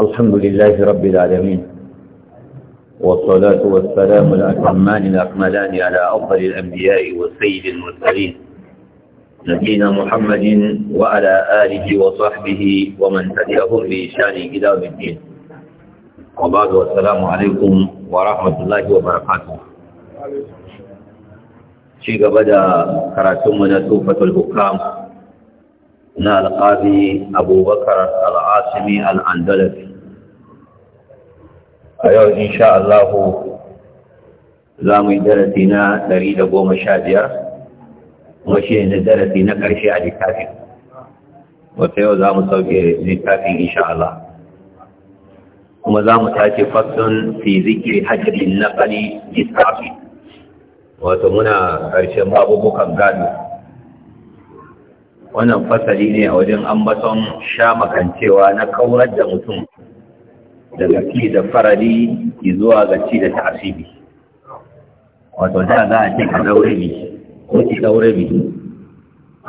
الحمد لله رب العالمين والصلاة والسلام الأكرمان الأكملان على أفضل الأنبياء والسيد المرسلين نبينا محمد وعلى آله وصحبه ومن تبعهم بإشان كتاب الدين وبعد والسلام عليكم ورحمة الله وبركاته شيخ بدأ كراتمنا توفة الحكام na alƙazi abubakar al'asimi al'andalafi a yau sha Allahu za mu yi darasi na ɗari da goma sha biyar kuma shi ne darasi na ƙarshe a littafin wata yau za mu sauke littafin insha Allah kuma za mu tace fasun fi zikiri hajjabin naƙali littafi wato muna ƙarshen babubukan gado wannan fasali ne a wajen ambaton sha makancewa na kaurar da mutum daga ci da farari zuwa ga ci da ta'asibi wato da za a ce ka daure mi ko ki daure mi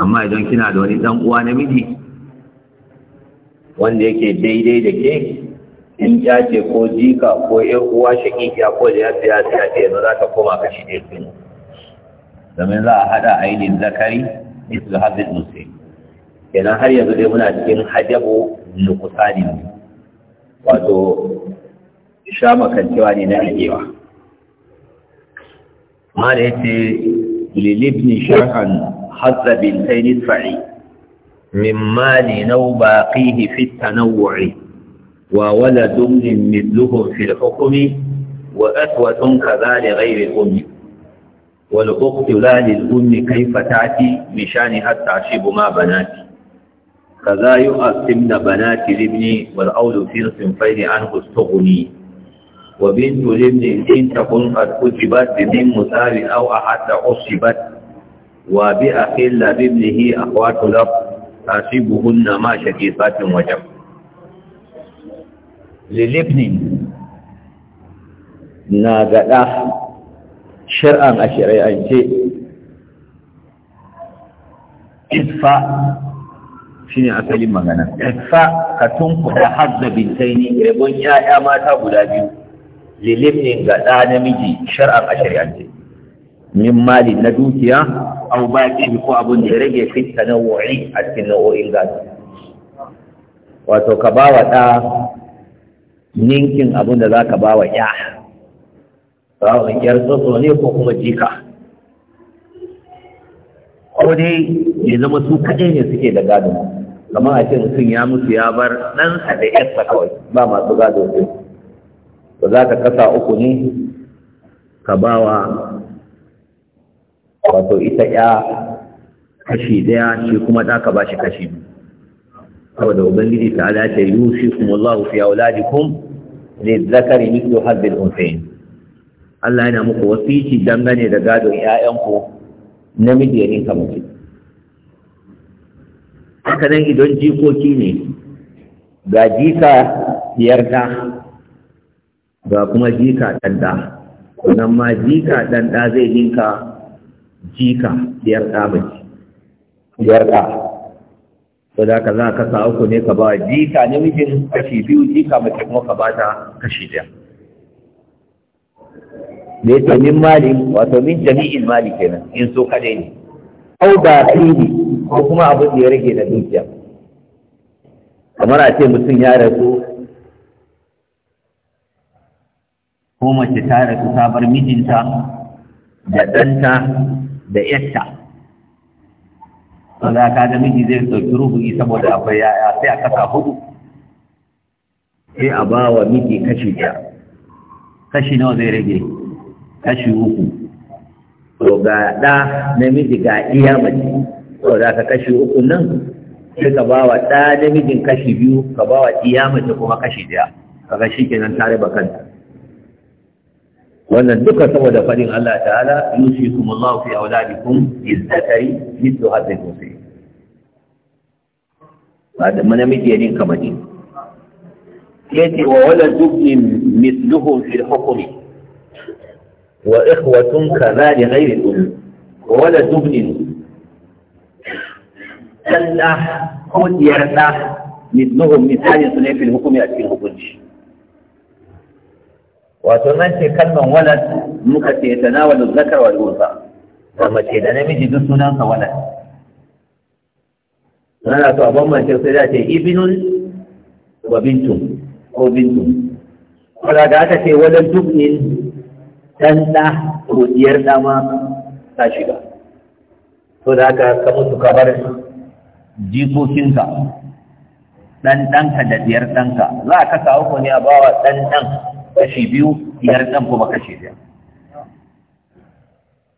amma idan kina da wani dan uwa namiji wanda yake daidai da ke in jace ce ko jika ko yan uwa shakikiya ko da ya siya ce yanzu za ka koma kashi ɗaya zama za a haɗa ainihin zakari مثل kenan har yanzu dai muna cikin hajabu nukusani ne wato sha makancewa ne na rikewa ma da yace lilibni shar'an hazza bintaini fa'i min mali nau baqihi fi tanawwu'i wa waladun min mithluhum fil hukmi wa aswatun kadha li ghayri ummi wal ukhtu la ummi kayfa tati mishani hatta ashibu ma banati kaza yu'asimna banati libni wal awlu fi sinfaini anhu istughni wa bintu libni in takun qad kujibat bi min musari aw ahadda usibat wa bi akhil libnihi akhwatu lab asibuhunna ma shaqiqatin wajab lilibni na gaɗa shar'an a shari'ance isfa shine asalin magana isfa ka tunkuda hadda bintaini rabon ya'ya mata guda biyu lilimin ga ɗa namiji shar'an a shari'ance min mali na dukiya au baki ko abun da ya rage na wa'i a cikin nau'o'in gasa wato ka ba wa ɗa ninkin abun da za ka ba wa ya sawon yar tsotso ne ko kuma jika ko dai ya zama su kaɗai ne suke da gado kamar a ce mutum ya mutu ya bar ɗansa da yarsa kawai ba masu gado ne ba za ka kasa uku ne ka bawa wato ita ya kashi daya shi kuma ɗa ka ba shi kashi biyu saboda ubangiji ta ala ta shi kuma Allah fi wuladikum ne zakari hadhihi al-unthayn Allah yana muku wasici dangane da gadon ‘ya'yanku namiji ya ninka mace. Haka nan idan jikoki ne, ga jika yarda ga kuma jika ɗanɗa, nan ma jika ɗanɗa zai ninka jika yarda mace, yarda. So da ka za ka sa uku ne ka ba jika namijin kashi biyu jika mace kuma ka ba ta kashi ɗaya. da ya min mali wato min jami'in mali kenan in so kaɗai ne au ba fili ko kuma abin da ya rage na dukiya kamar a ce mutum ya rasu ko mace ta rasu sabar mijinta da ɗanta da yatta wanda ka ga miji zai ɗauki rubu'i saboda akwai yaya sai a kasa hudu sai a ba wa miji kashi ɗaya kashi nawa zai rage kashi uku to ga ɗa namiji ga iya mace to da ka kashi uku nan sai ka ba wa ɗa namijin kashi biyu ka ba wa iya mace kuma kashi ɗaya kaga shi kenan tare ba kanta wannan duka saboda faɗin Allah ta'ala yusikum Allah fi auladikum izzatai mithlu hadhihi al ba da namiji ya kamar mace yace wa wala dubnin mithluhu fil hukmi wa ikhwatun kaza li ghairi um wala dubnin kalla ko diyar da misluhum su ne fil hukumi a cikin hukunci wato nan ce kalman walad muka ce tanawalu zakar wal unsa da mace da namiji duk sunansa walad a sai da ce ibinun wa ko da aka ce dubnin dan da ko diyar ma ta shiga to da haka ka mutu ka bar jikokinka dan ɗanka da diyar ɗanka za ka kawo ku ne a bawa dan dan kashi biyu diyar ɗan kuma kashi biyu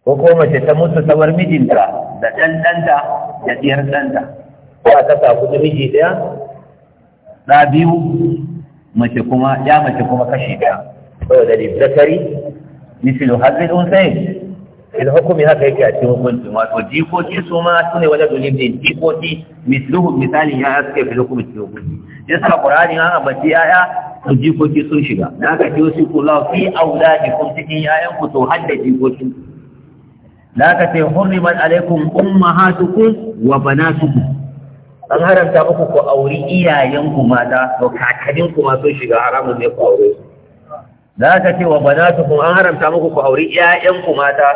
ko ko mace ta mutu ta bar mijinta da dan ɗanta da diyar ɗanta za ta ta ku miji ɗaya da biyu mace kuma ya mace kuma kashi ɗaya saboda da zakari misilu hazin unsai fil hukumi haka yake a cikin hukunci wato jikoki su ma su ne wajen dulibin jikoki misluhu misali ya aske fil hukumi cikin hukunci yasa qur'ani an abaci yaya to jikoki sun shiga da aka ji wasu kula fi auladikum cikin yayan ku to hadda jikoki da aka ce hurriman alaikum ummahatukum wa banatukum an haramta muku ku auri iyayen ku mata to kakannin ku ma sun shiga haramun ne ku aure su da aka ce wa kuma an haramta muku ku aure ƴaƴan ku mata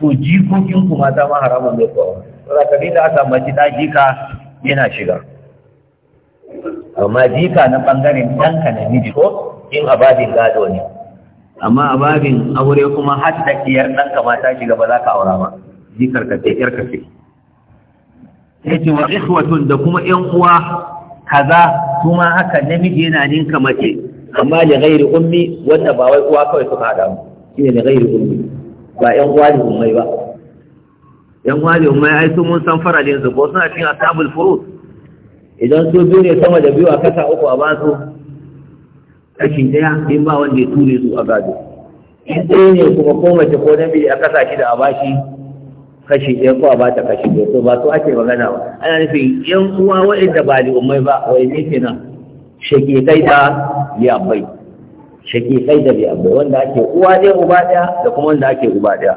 to jikokin ku mata ma haramun ne ku aure saboda kabi da aka mace ta jika yana shiga amma jika na bangaren ɗanka na miji ko in ababin gado ne amma ababin aure kuma har da kiyar ɗanka mata shiga ba za ka aura ba jikar ka ce ƴar ka ce ce wa ikhwatun da kuma ƴan uwa kaza kuma haka namiji yana ninka mace amma li ghairi ummi wanda ba wai uwa kawai suka hada mu shine li ghairi ummi ba yan uwa ne ummai ba yan uwa ne ummai ai su mun san faralin yanzu ko suna cikin asabul furud idan su biyu ne sama da biyu a kasa uku a basu kashi daya in ba wanda ya ture su a gado in ɗaya ne kuma ko mace ko namiji a kasa da a bashi kashi ɗaya ko a ba ta kashi ɗaya to ba su ake magana ba ana nufin yan uwa waɗanda ba li ummai ba wai ne kenan shaƙiƙai da liyabai shaƙiƙai da bai wanda ake uwa da uba ɗaya da kuma wanda ake uba ɗaya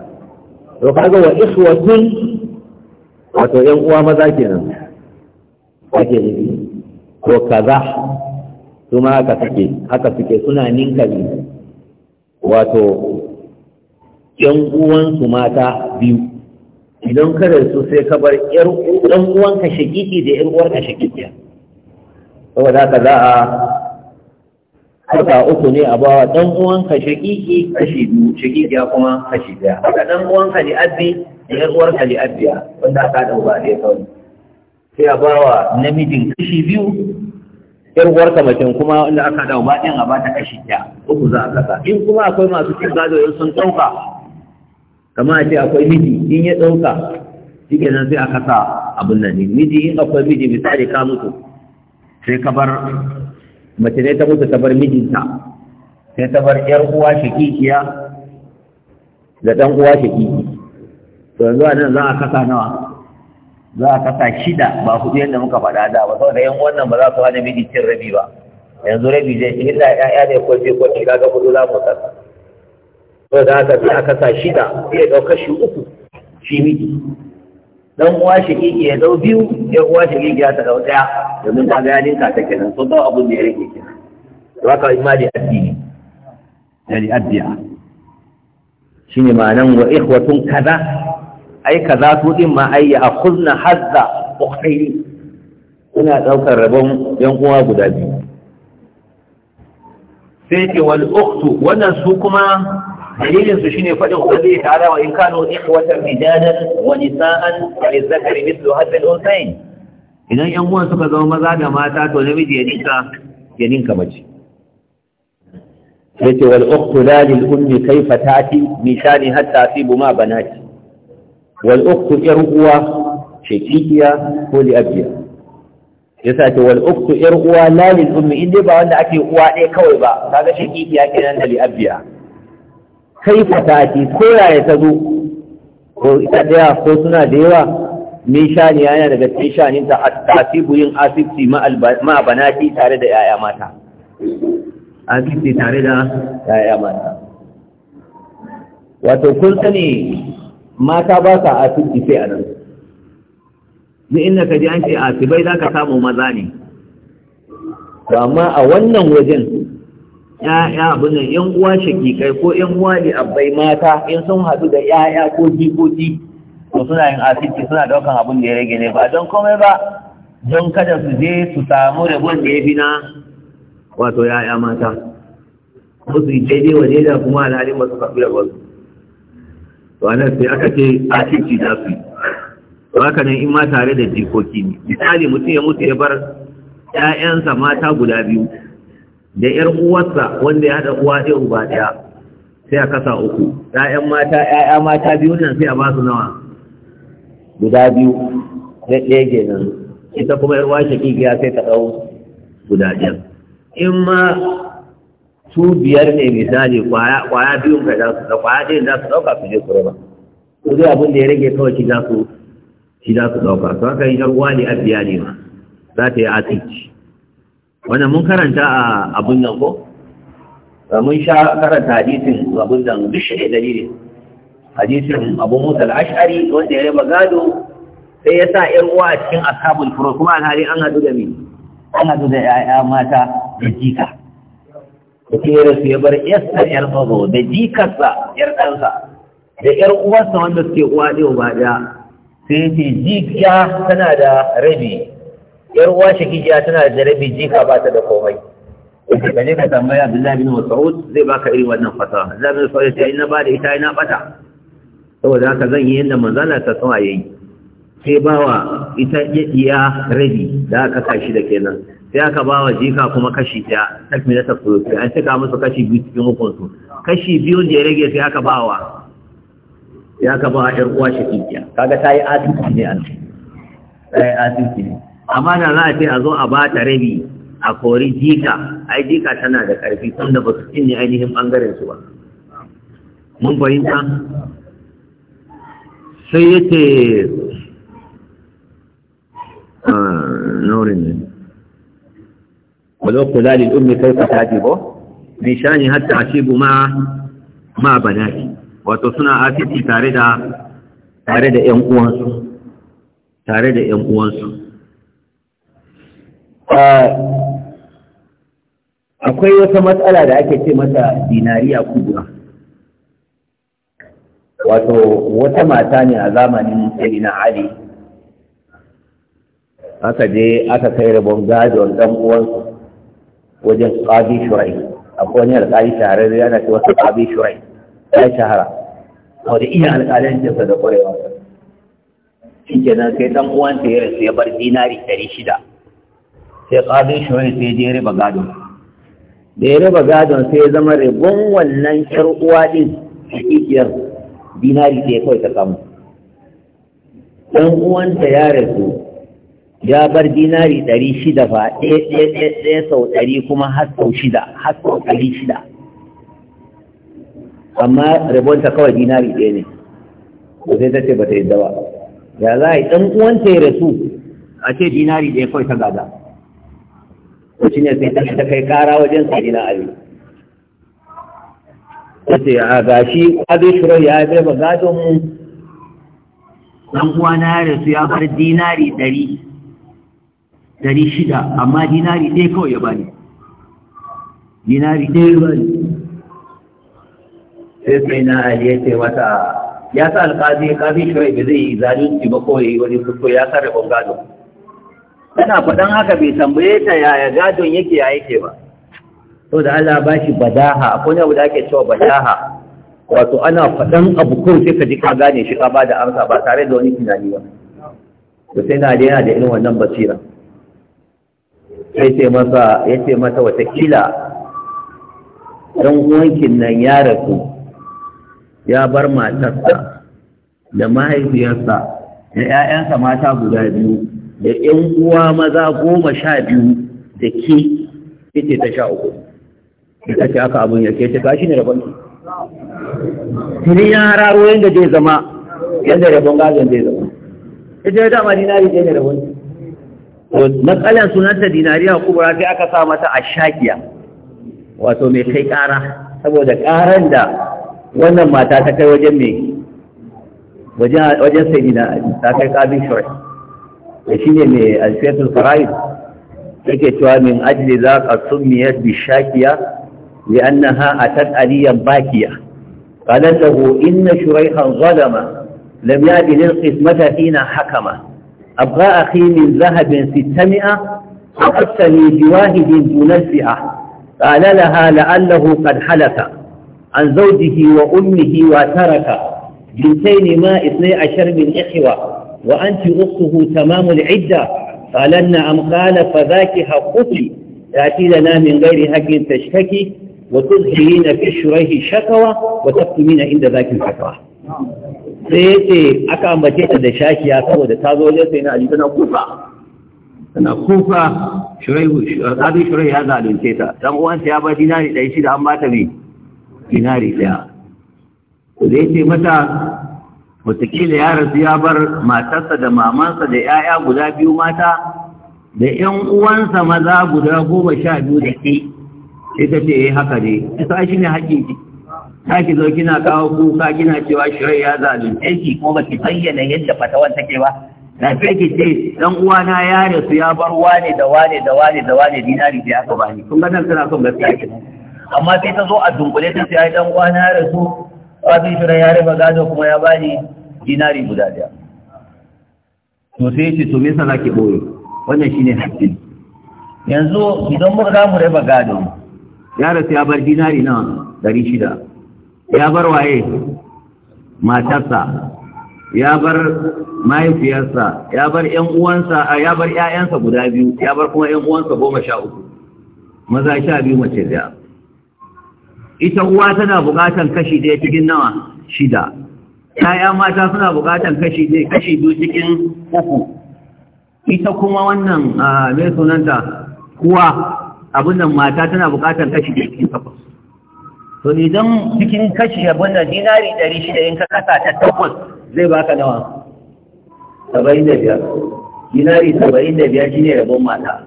to kaga wa iswatun wato 'yan uwa maza kenan ake ne ko kaza kuma haka suke haka suke suna ninka ne wato uwan uwansu mata biyu idan kada su sai ka bar uwan uwanka shakiki da ƴan ka shakikiya saboda haka za a harka uku ne a bawa dan uwanka shakiki kashi biyu shakiki ya kuma kashi biya. haka dan uwanka ne abbi da yar uwarka ne abbiya wanda aka da ba ne kawai sai a bawa namijin kashi biyu yar uwarka mace kuma wanda aka da ba din a bata kashi biya. uku za a kasa in kuma akwai masu cin gado in sun dauka kamar a ce akwai miji in ya dauka shi nan sai a kasa abin nan ne miji in akwai miji misali ka mutu sai ka bar mace ne ta mutu ta bar mijinta sai ta bar yar uwa shakikiya da dan uwa shakiki to yanzu a nan za a kasa nawa za a kasa shida ba hudu yadda muka faɗa da ba saboda yan wannan ba za su hana miji cin rabi ba yanzu rabi zai ci inda ya'ya ne ko ce ko ce ga hudu za mu kasa to da haka sai a kasa shida sai ya ɗauka shi uku shi miji dan uwa shakiki ya dau biyu ya uwa shakiki ya ta dau daya domin ta ga yalinka ta kenan so ba abun da ya rike kenan to haka imani addini da li addiya shine ma'anan wa ikhwatun kaza ai kaza su din ma ai ya akhuzna hazza ukhayri kuna daukar rabon yan uwa guda biyu sai ke wal ukhtu wannan su kuma dalilin su shine fadin ubangiji ta'ala wa in kanu ikhwatan rijalan wa nisa'an fa Zakari mithlu hadha al-unsayn idan yan uwan suka zama maza da mata to namiji ya dinka ya dinka mace yace wal ukhtu lil ummi kayfa ta'ti mithali hatta asibu ma banati wal ukhtu yar uwa shakikiya ko li abiya yasa ce wal ukhtu yar uwa lil ummi inde ba wanda ake uwa ɗaya kawai ba kaga shakikiya kenan da li abiya kai fatati ko yaya ta zo ko ita daya ko suna da yawa min shani yana daga cikin shanin ta asibu yin asibiti ma banati tare da yaya mata Asibiti tare da yaya mata wato kun sani mata ba sa asibci sai a nan ni inda ka ji an ce asibai za ka samu maza ne amma a wannan wajen ya'ya abin nan yan uwa shakikai ko yan uwa ne abai mata in sun haɗu da ya'ya ko jikoki to suna yin asiki, suna daukan abin da ya rage ne ba don komai ba don kada su je su samu rabon da ya fi na wato ya'ya mata ko su yi daidai wa da kuma alhalin masu su da rabon su to a nan sai aka ce asibiti za su yi to haka nan in ma tare da jikoki ne misali mutum ya mutu ya bar 'ya'yansa mata guda biyu da ‘yar uwarsa wanda ya haɗa uwa ɗaya uba ɗaya sai a kasa uku ‘ya'yan mata ‘ya'ya mata biyu nan sai a ba su nawa guda biyu na ɗaya kenan ita kuma ‘yar washe shakikiya sai ta ɗau guda ɗaya in ma su biyar ne misali kwaya biyun ka za su da kwaya ɗaya za su ɗauka su je su raba ko dai abin da ya rage kawai shi za su shi za su ɗauka to haka yi ɗan uwa ne a biya ne ma za ta yi asibiti wannan mun karanta a abun nan ko eh, mun sha karanta hadisin abun nan duk shi ne dalilin hadisin abu musa al-ash'ari wanda ya raba gado sai ya sa ‘yan uwa a cikin ashabul furo kuma alhali an haɗu da mi an haɗu da ‘ya'ya mata da jika da kera su ya bar yasta ‘yar mazo da jikarsa ‘yar ɗansa da ‘yar uwarsa wanda suke uwa ɗaya ba ɗaya sai ce jikiya tana da rabi yar uwa shakijiya tana da rabi jika ba ta da komai ka je ka tambaya Abdullahi bin Mas'ud zai baka irin wannan fasaha Abdullahi bin Mas'ud ya ina ba da ita ina bata saboda haka zan yi yadda manzala ta sama yayi sai bawa ita ya rabi da aka kashi da kenan sai aka bawa jika kuma kashi ɗaya takmina ta furo sai an saka musu kashi biyu cikin hukunsu kashi biyu da ya rage sai aka bawa ya aka bawa ƴar uwa shakiya kaga ta yi asibiti ne nan ta yi asibiti ne amma da za a ce a zo a ba ta rabi a kori jika ai jika tana da ƙarfi tunda ba su cinye ainihin ɓangaren su ba mun fahimta sai ya ce ah, naurin ne ولو كيف تعجبه من شأن حتى أشيب ما ما بناتي wato suna asiti tare da tare da ƴan uwansu tare da ƴan uwansu akwai wata matsala da ake ce mata dinariya kubura wato wata mata ne a zamanin sayyidina ali aka je aka kai rabon gadon dan uwansu wajen qadi shurai akwai wani alƙali shahararre yana ce wata qadi shurai ya shahara wani iya alƙalancinsa da ƙwarewa shi kenan sai dan uwanta ya rasu ya bar dinari ɗari shida sai shi wani sai je riba gadon da ya riba gadon sai zama ribon wannan ƴar uwa din hakikiyar dinari ɗaya kawai ta samu ɗan uwanta ya rasu ya bar dinari ɗari shida fa ɗaya sau ɗari kuma har sau shida har sau ɗari shida amma rabonta kawai dinari ɗaya ne ko sai ta ce ba ta yi dawa ya za a yi ɗan uwanta ya rasu a ce dinari ɗaya kawai ta gada to shi ne sai ta kai kara wajen sai na ali ta ce a gashi abishiro ya bai ba gadon mu dan uwa na ya rasu ya bar dinari ɗari ɗari shida amma dinari ɗaya kawai ya bani dinari ɗaya ya bani sai sai na ali ya ce mata ya sa alƙazi ya ƙazi shirai ba zai yi zalunci ba kawai wani kusko ya sa rabon gadon tana faɗan haka bai tambaye ta yaya gadon yake ya yake ba to da Allah ba shi badaha akwai abu da ake cewa badaha wato ana faɗan abu kun sai ka ji ka gane shi ka ba da amsa ba tare da wani tunani ba to sai na da yana da irin wannan basira sai ce masa ya ce mata watakila ɗan uwankin nan ya rasu ya bar matarsa da mahaifiyarsa da ‘ya'yansa mata guda biyu da ‘yan uwa maza goma sha biyu da ke ita ta sha uku ita ce aka abin yake ta kashi ne rabon tuni ya hararo yadda zai zama yadda rabon gazon zai zama ita ya dama dinari zai ne rabon ta sunanta dinariya kubura sai aka sa mata a shakiya wato mai kai ƙara, saboda ƙaran da wannan mata ta kai wajen mai wajen sai dina ta kai ƙabin shawar da shi ne mai alfiyatul fara'id yake cewa min ajli za ka sumiya bishakiya li annaha atat aliyan bakiya qalat lahu inna shuraihan zalama lam yabi lil qismata ina hakama abra akhi min zahabin 600 aqtani bi wahidin dunasiha qala laha la'allahu qad halaka an zawjihi wa ummihi wa taraka bintaini ma ithnai ashar min ikhwa وأنت أخته تمام العدة قالن أم قال فذاك حقك تأتي لنا من غير حق تشتكي وتظهرين في الشريه شكوى وتكتمين عند ذاك الحكوى sai aka ambace ta da shakiya saboda ta zo wajen sai na ali tana kufa tana kufa shuraihu kadi ya zalunce ta dan uwansa ya ba dinari ɗaya shida an ba ta bi dinari ɗaya to da ce mata wataƙila ya rasu ya bar matarsa da mamansa da 'ya'ya guda biyu mata da 'yan uwansa maza guda goma sha biyu da ke sai ta ce yi eh, haka ne ita shi ne hakiki. ta ki zo kina kawo kuka kina cewa shirai ya zalunce ki ko ba ki bayyana yadda fatawar take ba na fi ki ce dan uwana ya rasu ya bar wane da wane da wane da wane dinari da aka bani kun ga nan suna son gaskiya kenan amma sai ta zo a dunkule ta ce ai dan uwana ya rasu wasu shirin ya riba gado kuma ya bani dinari guda daya to sai ce to me yasa zaki boye wannan shine hakkin yanzu idan muka za mu riba gado ya rasu ya bar dinari na dari shida ya bar waye matarsa ya bar mahaifiyarsa ya bar ƴan uwansa ya bar ƴaƴansa guda biyu ya bar kuma ƴan uwansa goma sha uku maza sha biyu mace daya ita uwa tana bukatan kashi ɗaya cikin nawa shida ƴaƴa mata suna bukatan kashi ɗaya kashi biyu cikin uku ita kuma wannan mai sunanta kuwa abin mata tana bukatan kashi ɗaya cikin takwas to idan cikin kashi abin da dinari ɗari shida in ka kasa ta takwas zai baka nawa saba'in da biyar dinari saba'in da biyar shine rabon mata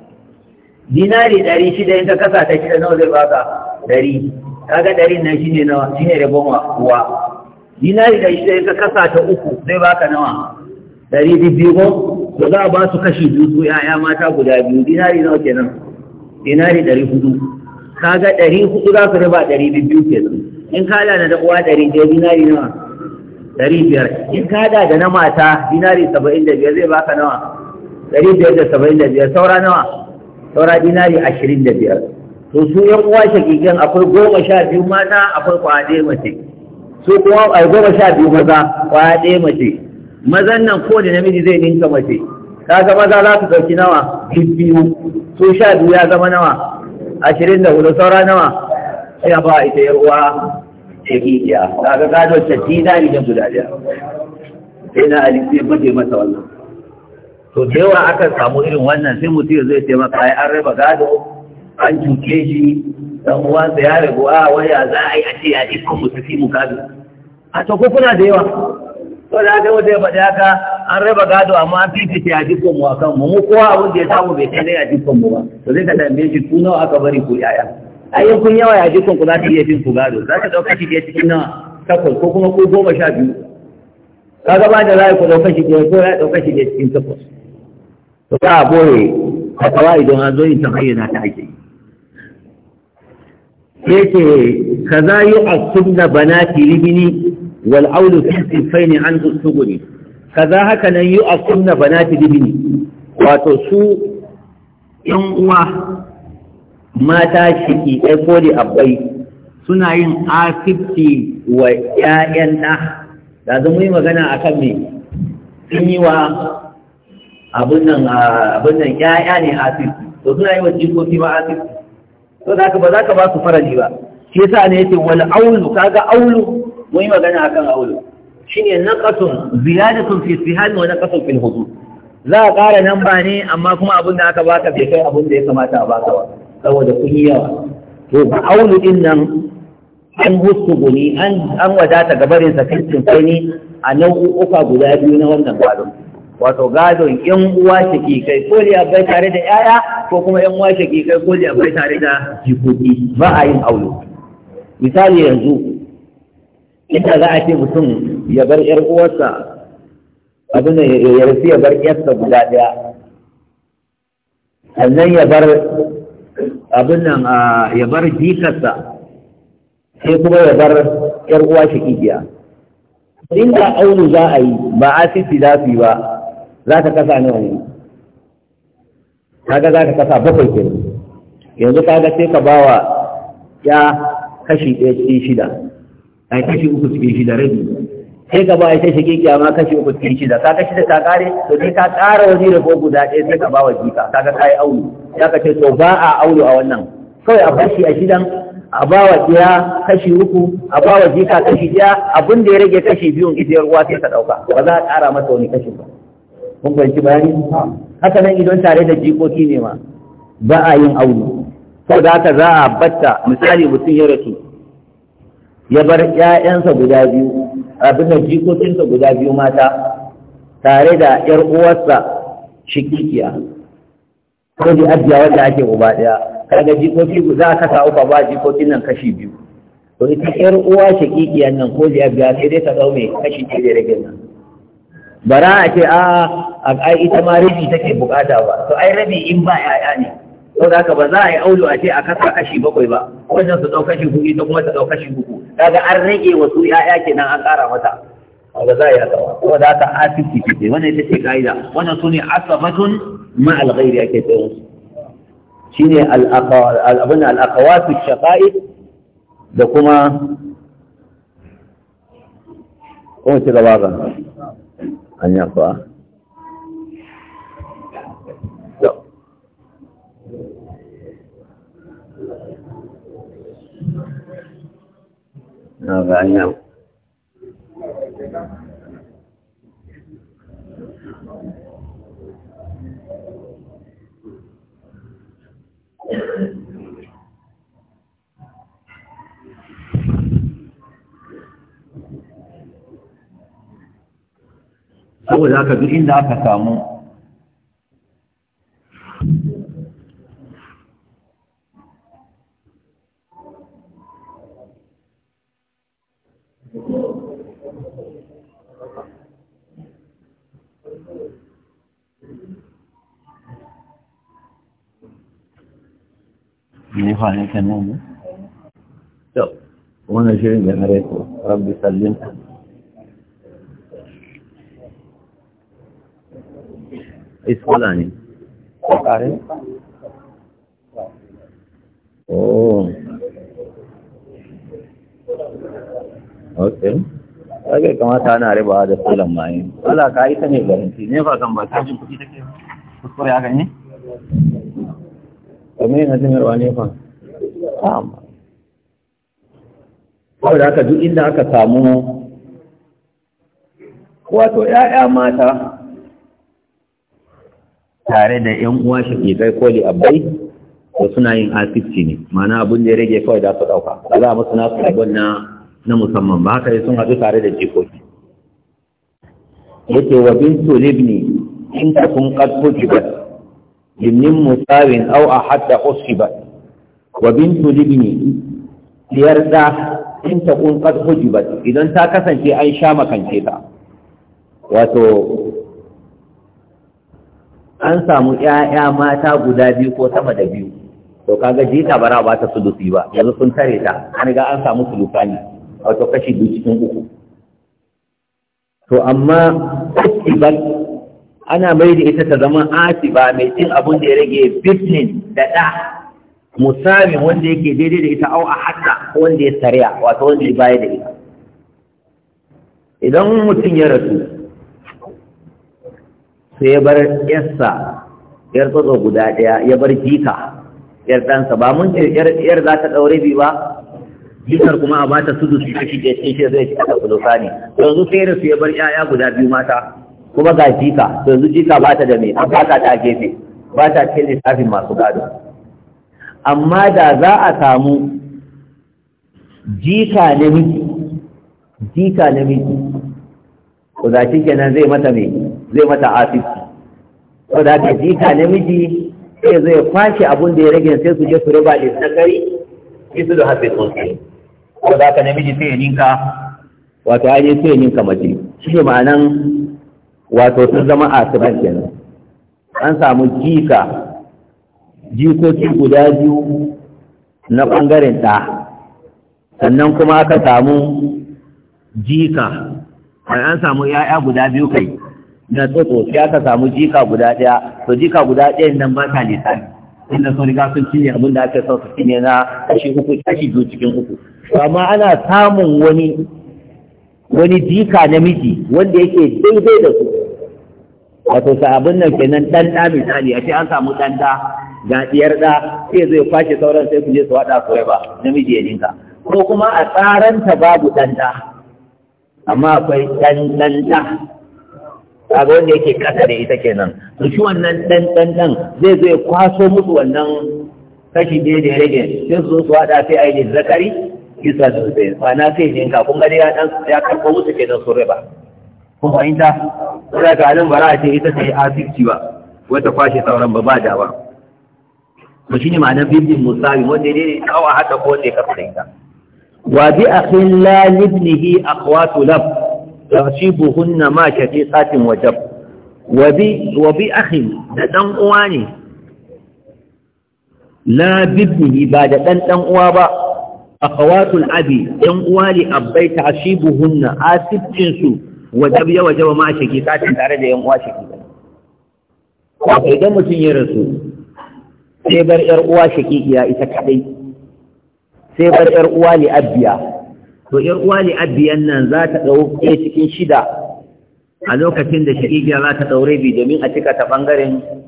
dinari ɗari shida in ka kasa ta shida nawa zai baka ɗari kaga ɗari nan shine nawa shine rabon wa uwa dinari da shi ka kasa ta uku zai baka nawa ɗari biyu ko to za a ba su kashi biyu su ‘ya'ya mata guda biyu dinari nawa kenan dinari ɗari hudu kaga ɗari hudu za su raba ɗari biyu kenan in ka da da uwa ɗari biyar dinari nawa ɗari biyar in ka da da na mata dinari saba'in da biyar zai baka nawa ɗari biyar da saba'in da biyar saura nawa saura dinari ashirin da biyar to su yan uwa shakikin akwai goma sha biyu mata akwai kwaɗe mace su kuma a goma sha biyu maza kwaɗe mace mazan nan ko da namiji zai ninka mace kaga maza za su ɗauki nawa biyu su sha biyu ya zama nawa ashirin da hudu saura nawa sai a ba ita yan uwa shakikiya kaga gado ni jan guda ɗaya sai na ali sai bude masa wannan to da yawa akan samu irin wannan sai mutum zai taimaka ai an raba gado an cuce shi dan sa ya rabu a waya za a yi a ce ya isko mu tafi mu gado a to ko kuna da yawa to da haka wanda ya faɗi haka an raba gado amma an fifita ya jikko mu akan mu mu kowa abin da ya samu bai kai ya jikko mu ba to zai ka tambaye shi ku nawa aka bari ku yaya ai kun yawa ya jikko ku za ta iya fin ku gado za ka ɗauka shi cikin nawa takwas ko kuma ku goma sha biyu kaga ba da za ku ɗauka shi biyar ko ya ɗauka shi cikin takwas to za a boye a kawai don an zo yin ta na ta ake yi yake kaza yi a sunna bana libini wal aulu fi sifaini an usuguri kaza haka nan yi a sunna bana libini wato su yan uwa mata shiki ɗai ko da abai suna yin asibiti wa ƴaƴan ɗa da zan yi magana a kan me sun yi wa abin nan ƴaƴa ne asibiti to suna yi wa jikoki ba asibiti to da haka ba za ka ba su farali ba shi yasa ne yace wal aulu kaga aulu mun yi magana akan aulu shine naqatun ziyadatun fi sihan wa naqatun fil hudud za a ƙara nan ba ne amma kuma abin da aka baka bai kai abin da ya kamata a baka ba saboda kun yi yawa to ba aulu din nan an husubu ne an wadata gabarin sa kai ne a nau'uka guda biyu na wannan gwalon wato gadon yan uwa kai ko ya bai tare da yaya ko kuma yan uwa kai ko ya bai tare da jikoki ba a yin aure misali yanzu inda za a ce mutum ya bar yar uwarsa abin da ya rasu ya bar yarsa guda daya sannan ya bar abin nan ya bar jikarsa sai kuma ya bar yar uwa kiya inda aure za a yi ba a za su yi ba za ka kasa nawa wani kaga za ka kasa bakwai ke yanzu kaga sai ka bawa ya kashi ɗaya cikin shida ai kashi uku cikin shida rabi sai ka ba ita shige ma kashi uku cikin shida ka kashi da ka kare to sai ka kara wani rabo guda ɗaya sai ka bawa jika kaga ka yi aulu ya ka ce to ba a aulu a wannan kawai a bashi a shidan a bawa ɗaya kashi uku a bawa jika kashi ɗaya abin da ya rage kashi biyun ita yar uwa sai ka ɗauka ba za a ƙara masa wani kashi ba kun fahimci bayani haka nan idan tare da jikoki ne ma ba a yin aure ko da haka za a batta misali mutum ya rasu ya bar ƴaƴansa guda biyu abin da jikokinsa guda biyu mata tare da ƴar uwarsa shikikiya ko da abiya wanda ake uba ɗaya kaga jikoki za ka sa uku ba jikokin nan kashi biyu to ita ƴar uwa shikikiyan nan ko da abiya sai dai ta dau mai kashi ɗaya da rage nan bara a ce a ai ita ma rabi take bukata ba to ai rabi in ba yaya ne ko da ba za a yi aulu a ce a kasa kashi bakwai ba wajen su dauka shi kuɗi ita kuma su ɗauka shi uku Daga an rage wasu yaya kenan an ƙara mata kaga za a yi haka ba ko da ta asibiti ce wannan ita ce ka'ida wannan su ne asabatun ma alghairi ake tsaye shi ne abin al'akawatu shaƙa'i da kuma kuma ci gaba ga an yi na bayan saboda haka duk inda aka samu ne kwanan kan nan ne? to wannan shirin da na raiko rabbi sallin iskola ne ƙare? oh ok kage kamata ana riba da sulan mayin ala ka ita ne garanti ne fa kan ba ta jin kuɗi take kuskure haka ne kuma yana sanarwa ne fa amma kawai da aka duk inda aka samu wato ‘ya'ya mata tare da ‘yan uwa shafi ko abai, da suna yin asibiti ne mana abin da ya rage kawai da su ɗauka ba za a musu nasu abin na musamman ba haka sun haɗu tare da jikoki yake wa bintu libni in ka kun ƙarfi jibar ابن مصاب أو أحد أصحب وبنت لابن ليرضى إن تكون قد حجبت إذا تاكسا في أي شام كان كيتا وتو an samu ‘ya'ya mata guda biyu ko sama da biyu, to kaga jita bara ba ta sulusi ba, yanzu sun tare ta, an ga an samu sulusa ne, wato kashi biyu cikin uku. To, amma, ba ana mai da ita ta zama asiba mai cin abunda da ya rage bitin da ɗa musamman wanda yake daidai da ita au a hatta wanda ya sariya wato wanda ya baya da ita idan mutum ya rasu sai ya bar yarsa yar tsotso guda ɗaya ya bar jika yar ɗansa ba mun ce yar za ta ɗaure bi ba jikar kuma a bata sudu su kashi ɗaya sai shi zai ci a kulosa ne yanzu sai rasu ya bar 'ya'ya guda biyu mata kuma ga jika yanzu jika ba ta da mai an fata ta gefe ba ta cikin lissafin masu gado amma da za a samu jika namiji jika namiji ko da shi kenan zai mata mai zai mata asibiti ko da ka jika namiji sai zai kwashe abun da ya rage sai su je su raba da sai su da hafi sosai ko da ka namiji sai ya ninka wato ainihin sai ya ninka mace shi ma'anan wato sun zama asiran kenan an samu jika jikoki guda biyu na ɓangaren ɗa sannan kuma aka samu jika an samu ‘ya'ya guda biyu kai na tsotso sai aka samu jika guda ɗaya to jika guda ɗaya nan ba ta lissafi inda sun riga sun cinye abin da aka son su cinye na kashi uku kashi biyu cikin uku amma ana samun wani wani jika namiji wanda yake daidai da su wato sahabin nan kenan dan da misali a ce an samu dan da ga diyar da sai zai kwashe sauran sai ku je su wada su ba namiji ya dinka ko kuma a tsaranta babu dan da amma akwai dan dan da kaga wanda yake kasa da ita kenan to shi wannan dan dan dan zai zo ya kwaso musu wannan kashi ɗaya da ya rage sai su zo su wada sai a yi zakari isa da ba na sai ne ka kun gani ya karbo musu kenan sun riba kun fahimta sai ga nan bara ce ita ce asibiti ba wata kwashe sauran ba ba dawa ko shine ma'anar bibin musawi wanda ne ne kawa hada ko ne ya karɓa wa bi akhil la libnihi akhwatu lab tashibuhunna ma satin wajab wa bi wa bi akhil da dan uwa ne la bibnihi ba da dan dan uwa ba akhawatul abi yan uwa li abbai ta'shibuhunna asibcin su wajab ya wajaba ma shakikatin tare da yan uwa shaki. ko idan mutum ya rasu sai bar yar uwa shakikiya ita kadai sai bar yar uwa li abbiya to yar uwa li abbiyan nan za ta dau cikin shida a lokacin da shakikiya za ta ɗaure bi domin a cika ta ɓangaren?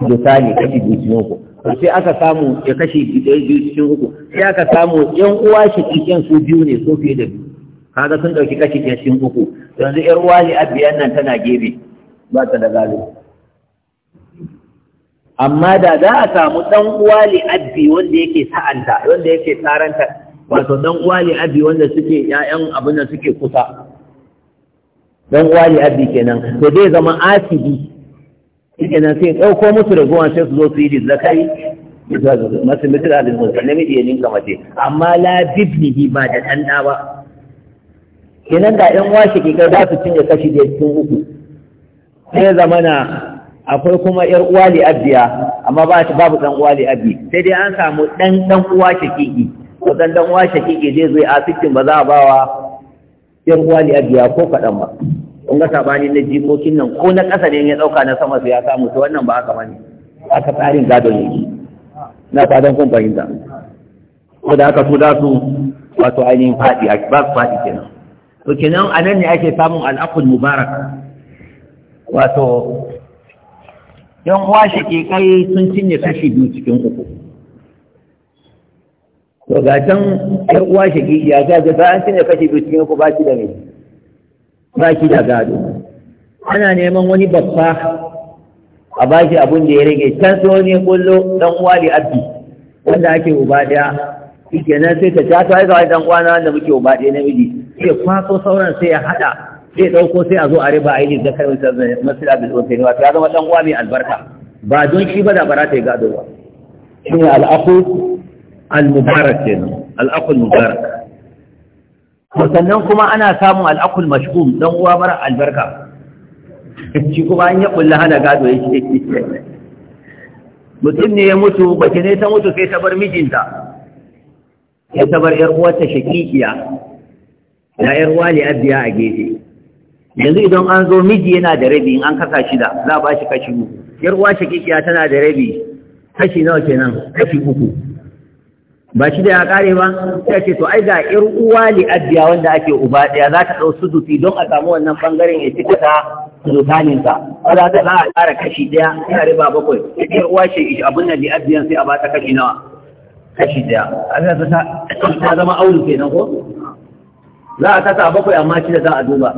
misali kashi biyu cikin uku sai aka samu ya kashi ɗaya biyu cikin uku sai aka samu yan uwa shi cikin su biyu ne ko fiye da biyu kaga sun ɗauki kashi ɗaya cikin uku yanzu yar uwa ne abiyan nan tana gefe ba ta da gado amma da za a samu ɗan uwa li abbi wanda yake sa'anta wanda yake tsaranta wato ɗan uwa li abbi wanda suke ƴaƴan abin da suke kusa ɗan uwa li abbi kenan to zai zama asibi shi nan sai ɗauko musu ragowa sai su zo su yi zakari masu mitra da musa namiji ya ninka mace amma la bibnihi ba da ɗan ɗa ba kenan da ɗan washe ke za su cinye kashi da cikin uku sai zamana akwai kuma ƴar uwa li abiya amma ba babu ɗan uwa li abi sai dai an samu ɗan ɗan uwa shakiki ko ɗan ɗan uwa shakiki zai zo a cikin ba za a bawa ƴar uwa li abiya ko kaɗan ba kun ga sabani na jikokin nan ko na ƙasa ne ya ɗauka na sama su ya samu to wannan ba haka ba ne aka tsarin gado ne na fadon kun fahimta ko da aka so da su wato ainihin faɗi ba su faɗi kenan to kenan a nan ne ake samun al'akul mubarak wato yan uwa kai sun cinye kashi biyu cikin uku to ga can yan uwa ke ta ga an cinye kashi biyu cikin uku ba shi da ne ba shi da gado ana neman wani babba a ba shi abin da ya rage can sai wani kullo dan uwa li abdi wanda ake uba daya nan sai ta ta ta ga dan uwa na wanda muke uba daya namiji sai kwaso sauran sai ya hada sai dauko sai a zo a riba aini da kai masala bil unsayni wa ya zama dan uwa mai albarka ba don shi ba da bara ta gado ba shi al-aqu al-mubarak al-aqu al-mubarak sannan kuma ana samun al'akul mashgum dan uwa mara albarka shi kuma an yi kulla hana gado ya ce mutum ne ya mutu bace ne ta mutu sai ta bar mijinta ya ta bar yar uwarta shakikiya na yar ne abiya a gefe yanzu idan an zo miji yana da rabi in an kasa shida za a ba shi kashi uku yar uwa shakikiya tana da rabi kashi nawa kenan kashi uku ba shi da ya kare ba sai ce to ai ga ir uwa li abiya wanda ake uba daya za ta dau sudufi don a samu wannan bangaren ya cika ta sudufanin ta za ta za a kara kashi daya sai riba bakwai ir uwa ce abun nan li abiyan sai a ba ta kashi nawa kashi daya Allah ta ta zama aulu kenan ko za a kasa bakwai amma shi da za a duba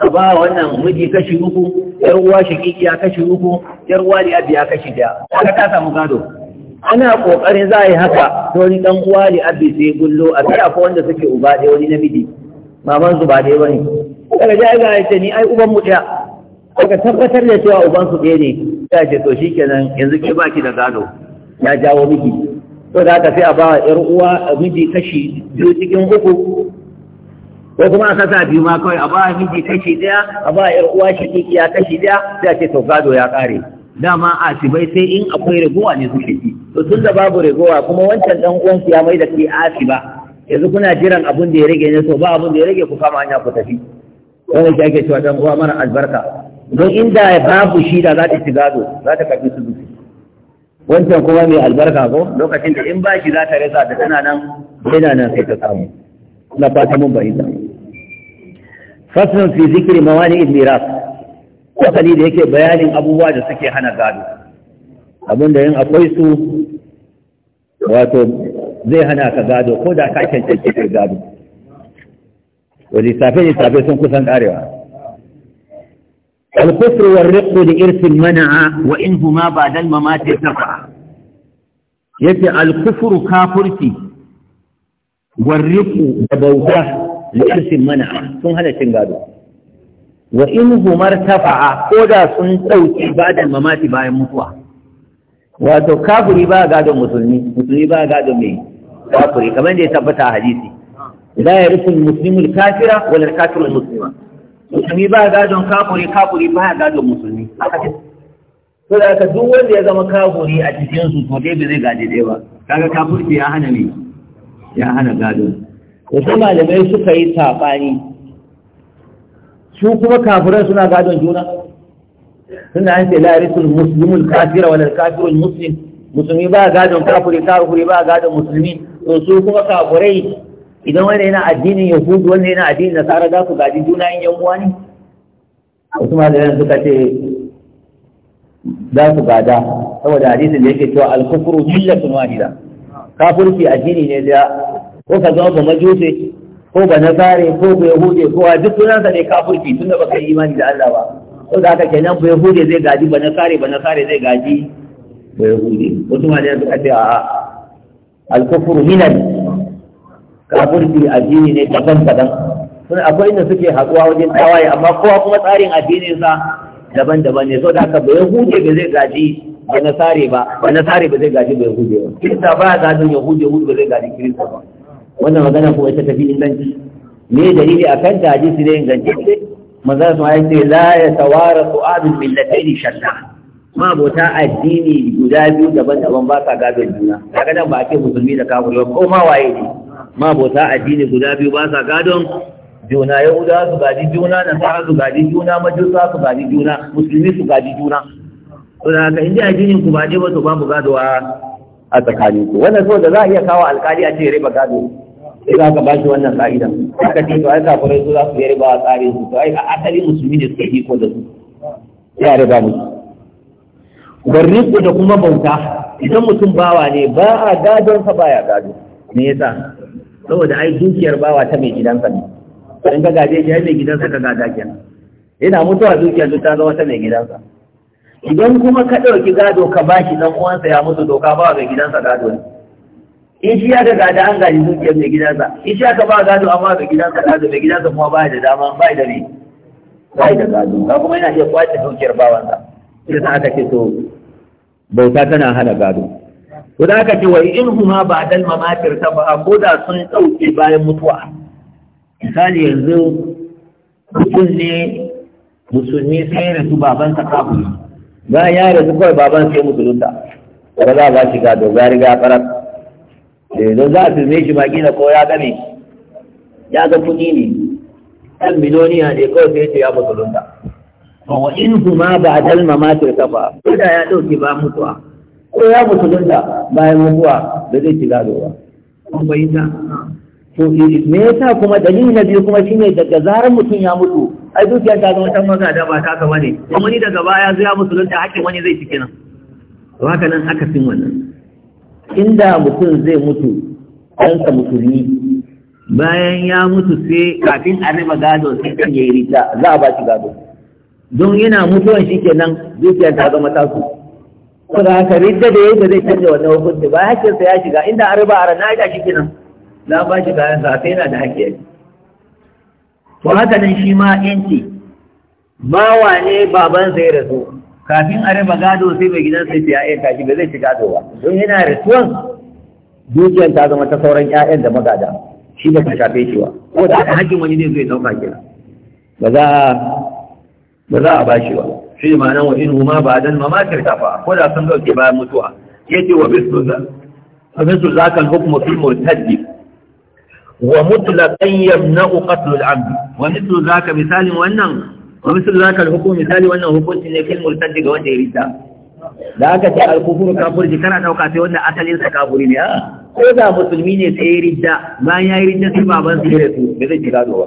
ka ba wannan miji kashi uku yar uwa shakikiya kashi uku yar uwa li abiya kashi daya ka ta samu gado ana kokarin za a yi haka to wani dan uwa ne abbi sai gullo a kai akwai wanda suke uba ɗaya wani namiji maman su ba ɗaya bane daga ja ga ya ce ni ai uban mu ɗaya daga tabbatar da cewa uban su ɗaya ne ya ce to shikenan yanzu ke baki da gado ya jawo miki to da haka sai a bawa yar uwa miji kashi biyu cikin uku ko kuma a kasa biyu ma kawai a bawa miji kashi ɗaya a bawa yar uwa shi ya kashi ɗaya sai a ce to gado ya ƙare dama a asibai sai in akwai ragowa ne suke ci to tun da babu ragowa kuma wancan dan uwan ya mai da ke asiba yanzu kuna jiran abun da ya rage ne to ba abun da ya rage ku kama hanya ku tafi Wannan ke ake cewa dan uwa mara albarka don inda babu shi da za ta ci gado za ta kafi su zuci wancan kuma mai albarka ko lokacin da in ba shi za ta rasa da tana nan yana nan sai ta samu na fata mun bayyana faslun fi zikri mawani ibn miras fasali da yake bayanin abubuwa da suke hana gado abinda yin akwai su wato zai hana ka gado ko da ka cancanci ka gado wa lissafe lissafe sun kusan karewa الكفر والرق لإرث ta وإنهما بعد الممات تقع يتي الكفر كافرتي والرق بوته لإرث sun ثم هذا gado. wa in humar tafa'a ko da sun ɗauki da mamaki bayan mutuwa wato kafiri ba gadon musulmi musulmi ba gadon mai kafiri kamar da ya tabbata a hadisi la yarithul muslimul kafira wal kafir muslima musulmi ba gadon kafiri kafiri ba gadon musulmi to da ka duk wanda ya zama kafiri a cikin su to dai zai gaje dai ba kaga kafirci ya hana me ya hana gado wasu malamai suka yi sabani su kuma kafirai suna gadon juna tunda an ce la yarisul muslimul kafira wal kafirul muslim musulmi ba gadon kafiri kafiri ba gadon musulmi to su kuma kafirai idan wani yana addinin yahudu wani yana addinin nasara za su gadi juna in yan uwa ne wasu malaman suka ce za su gada saboda hadisin da yake cewa al-kufru millatun wahida kafirki addini ne da ko ka zama ba majusi ko ba na nazare ko ba yahude ko a duk sa ne kafurci tunda ba yi imani da Allah ba ko da haka kenan ba yahude zai gaji ba na nazare ba na nazare zai gaji ba yahude wasu malayan suka ce a al-kufru minan kafurci addini ne daban-daban sun akwai inda suke haɗuwa wajen tawaye amma kowa kuma tsarin addininsa daban-daban ne saboda haka ba yahude ba zai gaji ba nasare ba ba nasare ba zai gaji ba yahude ba kirista ba ya gajin yahude yahude ba zai gaji kirista ba wannan magana ko ita tafi inganci me dalili akan ta hadisi ne inganci ce manzo su ayi ce la ya tawara su'abul millatayn shalla ma bota addini guda biyu daban-daban ba sa gado juna kaga nan ba ake musulmi da ba, ko ma waye ne ma bota addini guda biyu ba sa gado juna yahuda su gaji juna sa su gaji juna majusa su gaji juna musulmi su gaji juna to da ka inda addinin ku ba ne ba to babu gado a tsakaninku wannan so da za a iya kawo alkali a ce ba gado sai za ka bashi wannan ka'ida aka ce to ai kafirai su za su yi ba a tsarin su to ai a asali musulmi ne suka iko da su ya riba musu ko da kuma bauta idan mutum bawa ne ba a gadon sa baya gado me yasa saboda ai dukiyar bawa ta mai gidansa ne in ka gaje shi ai mai gidansa ka gada kenan yana mutuwa dukiyar ta zama ta mai gidansa idan kuma ka ɗauki gado ka bashi dan uwansa ya mutu doka ba ga gidansa gado ne in shi ya daga da an gaji dukiyar mai gidansa in shi aka ba gado amma mai gidansa gado mai gidansa kuma ba da dama ba da ne ba da gado ba kuma yana iya kwace dukiyar bawansa sai sa aka ce to bauta tana hana gado to da aka ce wa in huma ba dal mamatir ta ba ko da sun dauke bayan mutuwa misali yanzu mutum ne musulmi sai ya rasu babansa kafin ba ya rasu kawai baban sai musulunta ba za a ba shi gado ba riga a Eh, don za a firme shi baki na ko ya gane ya ga kuɗi ne ɗan miloniya ne kawai sai ce ya musulunta wa in kuma ba a dalma ta kafa ko da ya ɗauke ba mutuwa ko ya musulunta bayan mutuwa da zai ci gado ba kun bayyana to eh, me yasa kuma dalili na biyu kuma shine daga zarar mutum ya mutu ai dukiya ta zama ta maza da ba ta kama ne kuma ni daga baya zai ya musulunta hakkin wani zai ci kenan to haka nan aka fin wannan inda mutum zai mutu ɗansa musulmi bayan ya mutu sai kafin a raba gado sai kan ya yi rita za a ba shi gado don yana mutuwan shi kenan dukiyar ta zama tasu ko da haka ridda da yayi zai canza wannan hukunci ba hakkin sa ya shiga inda an raba a rana ya shi kenan za a ba shi kayan sa sai yana da hakki to haka nan shi ma yanci bawa ne babansa ya rasu kafin a raba gado sai mai gidan sai ya yanka shi ba zai ci gado ba don yana rituwan dukiyar ta zama ta sauran ƴaƴan da magada shi ba ta shafe shi ba ko da aka hakkin wani ne zai dauka kira ba za ba za a shi ba shi ma'anar wa in huma ba dan mamatar ta fa ko da sun dauke bayan mutuwa yace wa bisu za a bisu za kan hukuma fil murtaddi wa mutlaqan yamna'u qatl al-abd wa mithlu zaka misalin wannan wa sun zaka al misali wannan hukunci ne kil murtad ga wanda ya ridda da aka ce al-kufru ji kana dauka sai wanda asalin sa kafiri ne a ko da musulmi ne sai ya ridda bayan ya yi ridda sai baban sai ya su da zai jira ba.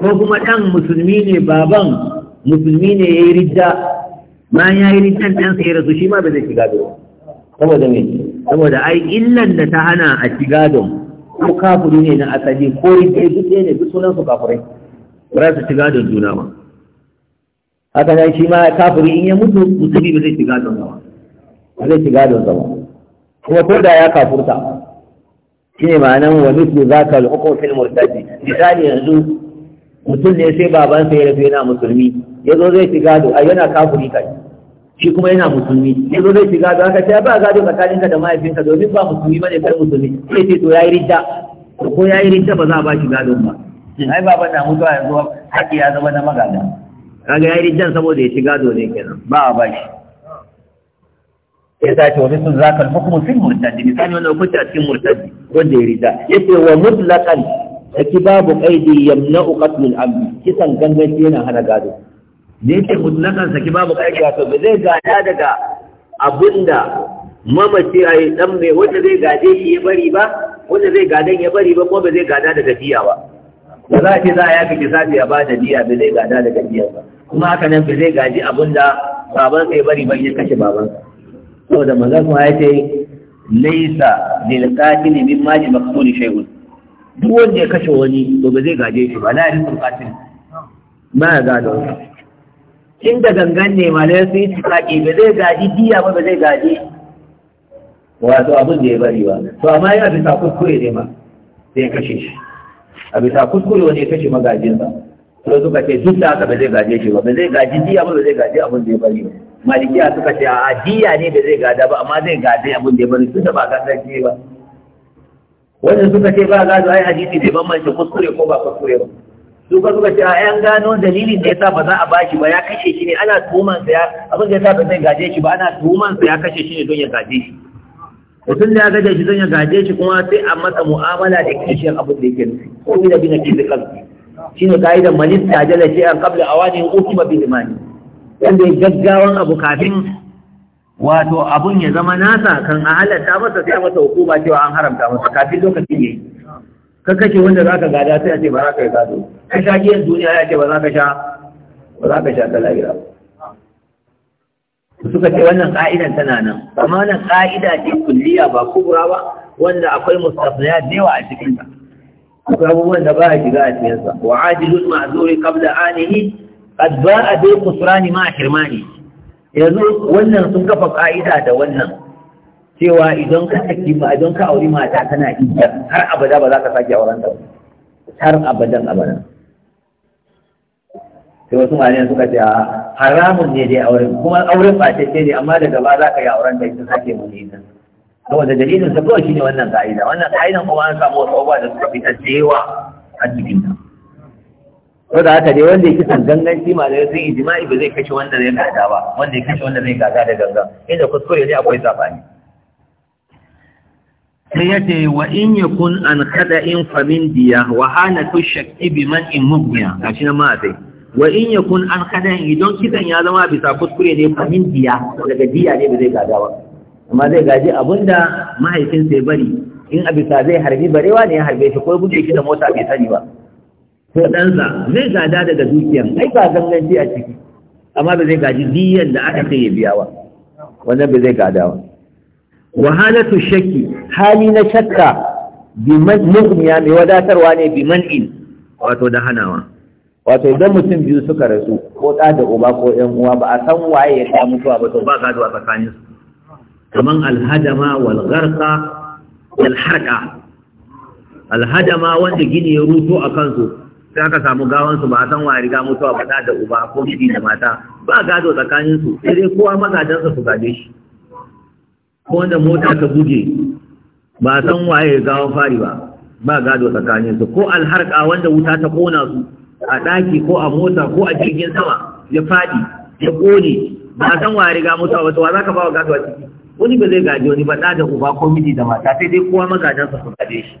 ko kuma dan musulmi ne baban musulmi ne ya yi ridda bayan ya yi ridda dan sai ya rasu shi ma ba zai jira ba. saboda me saboda ai illan da ta hana a shiga don ko kafiri ne na asali ko ridda duk ne duk sunan su kafirai ba za su ci gadon juna ba haka nan shi ma kafiri in ya mutu musulmi ba zai ci gadon ba ba zai ci gadon ba kuma ko da ya kafurta shi ne ma'anan wa su za ka lokacin fil murtadi misali yanzu mutum ne sai babansa ya rafe yana musulmi ya zo zai shiga gado a yana kafiri kai shi kuma yana musulmi ya zo zai shiga gado aka ce ba gado tsakaninka da mahaifinka domin ba musulmi ne kai musulmi sai ce to ya yi ridda ko yi ridda ba za a ba shi gadon ba shin ai baban na mutuwa yanzu haƙi ya zama na magada kaga yayi rijjan saboda ya ci gado ne kenan ba a bashi ya sace wa sun zaka al-hukmu fil murtadi misali wannan hukunci a cikin murtadi wanda ya rida yace wa mutlaqan saki babu qaidi yamna'u qatl al-abd kisan gangaci yana hana gado ne yake mutlaqan saki babu qaidi wato ba zai gada daga abinda mamaci ai dan mai wanda zai gade shi ya bari ba wanda zai gadan ya bari ba ko ba zai gada daga diya ba da za a ce za a yafi kisafi a ba da diya bai zai gada daga diyar ba kuma haka nan bai zai gaji abin da baban sai bari ban yi kashe baban da manzon kuma ya ce laisa lil qatili min mali maqtul shay'un duk wanda ya kashe wani to ba zai gaje shi ba la yarithul qatil ba ya gado in da gangan ne malai sun yi tsaki ba zai gaji diya ba ba zai gaji wato abin da ya bari ba to amma yana bisa kuskure ne ma sai kashe shi a bisa kuskure wani ya kashe magajinsa sai suka ce duk da haka ba zai gaje shi ba ba zai gaji diya ba ba zai gaji abin da ya bari ba malikiya suka ce a diya ne ba zai gada ba amma zai gaji abin da ya bari tun da ba gagarci ba wanda suka ce ba gado ai hadisi bai bambance kuskure ko ba kuskure ba su ka suka ce a yan gano dalilin da ya sa ba za a bashi ba ya kashe shi ne ana tuhumansa ya abin da sa ba zai gaje shi ba ana tuhumansa ya kashe shi ne don ya gaje shi mutum da ya gaje shi zan ya gaje shi kuma sai a masa mu'amala da kishiyar abin da yake nufi ko ni da bina kizi kalbi shi ne ka'idar manis ta jala shi an kabla awani ukuma bi imani yadda ya gaggawan abu kafin wato abun ya zama nasa kan a halatta masa sai a masa hukuma cewa an haramta masa kafin lokacin yi. ka kashe wanda za ka gada sai a ce ba za ka yi gado ka sha giyan duniya ya ce ba za ka sha ba za ka sha ta lahira ba suka ce wannan ka'idan tana nan amma wannan ka'ida ce kulliya ba kubra ba wanda akwai mustafniya da yawa a cikin ta akwai abubuwan da ba a shiga a cikin sa wa ajilul ma'zuri qabla anihi qad ba'a bi qusrani ma hirmani yanzu wannan sun kafa ka'ida da wannan cewa idan ka saki idan ka auri mata tana iya har abada ba za ka sake auren ta har abadan abadan sai wasu malayan suka ce a haramun ne dai auren kuma auren ba ce ne amma daga ba za ka yi auren da ita sake muni nan saboda dalilin sa kawai shine wannan ka'ida wannan ka'idan kuma an samu wasu abubuwa da suka fita cewa a cikin ta ko da haka dai wanda yake san ganganci malamai sun yi jima'i ba zai kashe wanda zai gada ba wanda ya kashe wanda zai gada da gangan inda kuskure ne akwai zafani sai ya ce wa in ya kun an kada in famin diya wa hana tu shakki bi man in mugniya gashi nan ma a sai wa in yakun an kadan idan kisan ya zama bisa kuskure ne kamin diya daga diya ne ba zai gada ba amma zai gaji abinda mahaifin sai bari in a bisa zai harbi barewa ne ya harbe shi ko guje shi da mota bai sani ba ko ɗansa zai gada daga dukiyar ai ba ganganci a ciki amma ba zai gaji diyan da aka kai ya biya ba wannan ba zai gada ba wahalatu shakki hali na shakka bi man mai wadatarwa ne bi man'in wato da hanawa wato idan mutum biyu suka rasu ko ɗa da uba ko ƴan uwa ba a san waye ya sha mutuwa ba to ba gado a tsakanin su kaman alhadama wal gharqa wal harqa alhadama wanda gini ya ruto a kansu sai aka samu gawan su ba a san waye riga mutuwa ba ɗa da uba ko miji da mata ba gado tsakanin su sai dai kowa magadansa su gaje shi ko wanda mota ta buge ba a san waye gawan fari ba ba gado tsakanin su ko alharqa wanda wuta ta kona su a ɗaki ko a mota ko a jirgin sama ya faɗi ya ƙone ba san wa riga mutuwa ba wa za ka bawa gasuwa ciki wani ba zai gaji wani ba ɗa da uba ko miji da mata sai dai kowa magajansa su gaje shi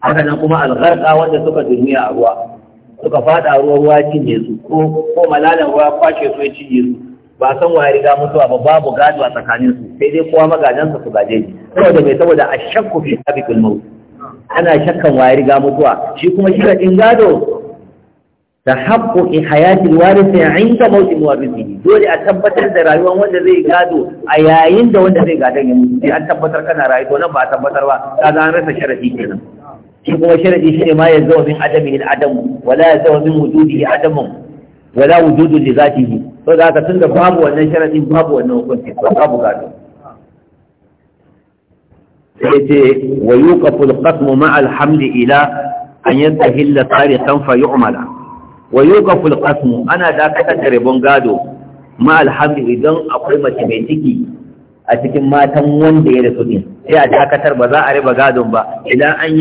haka nan kuma al'garka wanda suka duniya a ruwa suka faɗa ruwa ruwa cinye su ko ko malalan ruwa kwashe su ya cinye su ba san wa riga mutuwa ba babu gado a tsakanin su sai dai kowa magajansa su gaje shi saboda mai saboda a shakku fi sabiqil maut ana shakkan wa riga mutuwa shi kuma shi ɗin gado Da ta haƙoƙi hayatin warisa ya yin ta mautin warisi dole a tabbatar da rayuwar wanda zai gado a yayin da wanda zai gadon ya mutu an tabbatar kana rayu ko nan ba a tabbatar ba ta za an rasa sharafi ke nan shi kuma sharafi shi ne ma ya zama min adamu, min adam wala ya zama min wujudi ya adam wala wujudu da za ta yi to za ka tun da babu wannan sharafi babu wannan hukunci ba babu gado sai ce wa yuqaful qasmu ma'al hamdi ila an yantahi hilal qari kan fa yu'mala ويوقف القسم انا ana dakatar da rabon gado ma alhamdu idan akwai mace a cikin matan wanda ya da din sai a dakatar ba za a riba gadon ba idan an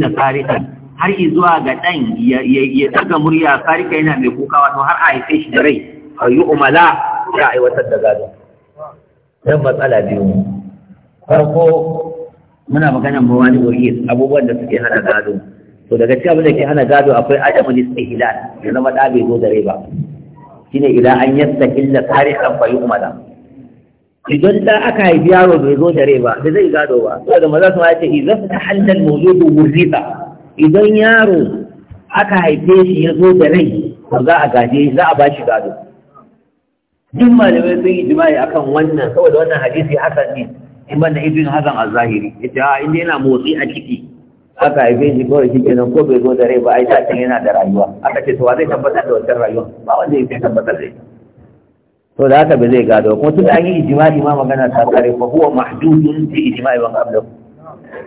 na sarikan har zuwa ga dan ya daga murya sarika yana mai kuka wato har a haife shi da rai a yi umala ya aiwatar da gadon dan matsala biyu farko muna wani wuri abubuwan da suke hana gado to daga cikin abin da ke hana gado akwai adamu istihlal ya zama da bai zo da rai ba shine idan an yasta yastahilla tarihan fa yu'mala idan da aka haifi yaro bai zo da rai ba da zai gado ba saboda maza su ce idan ta halal mawjudu wurita idan yaro aka haife shi ya zo da rai to za a gaje za a bashi gado duk malamai sun yi jima'i akan wannan saboda wannan hadisi hasan ne in ban da ibn hazan az-zahiri yace a inda yana motsi a ciki aka haife shi kawai shi kenan ko bai zo da rai ba ai dacin yana da rayuwa aka ce to wa zai tabbatar da wancan rayuwa ba wanda ya tabbatar da ita to da haka ba zai gado kuma tun da an yi ijima'i ma magana ta kare fa huwa mahdudun bi ijimai wa qablahu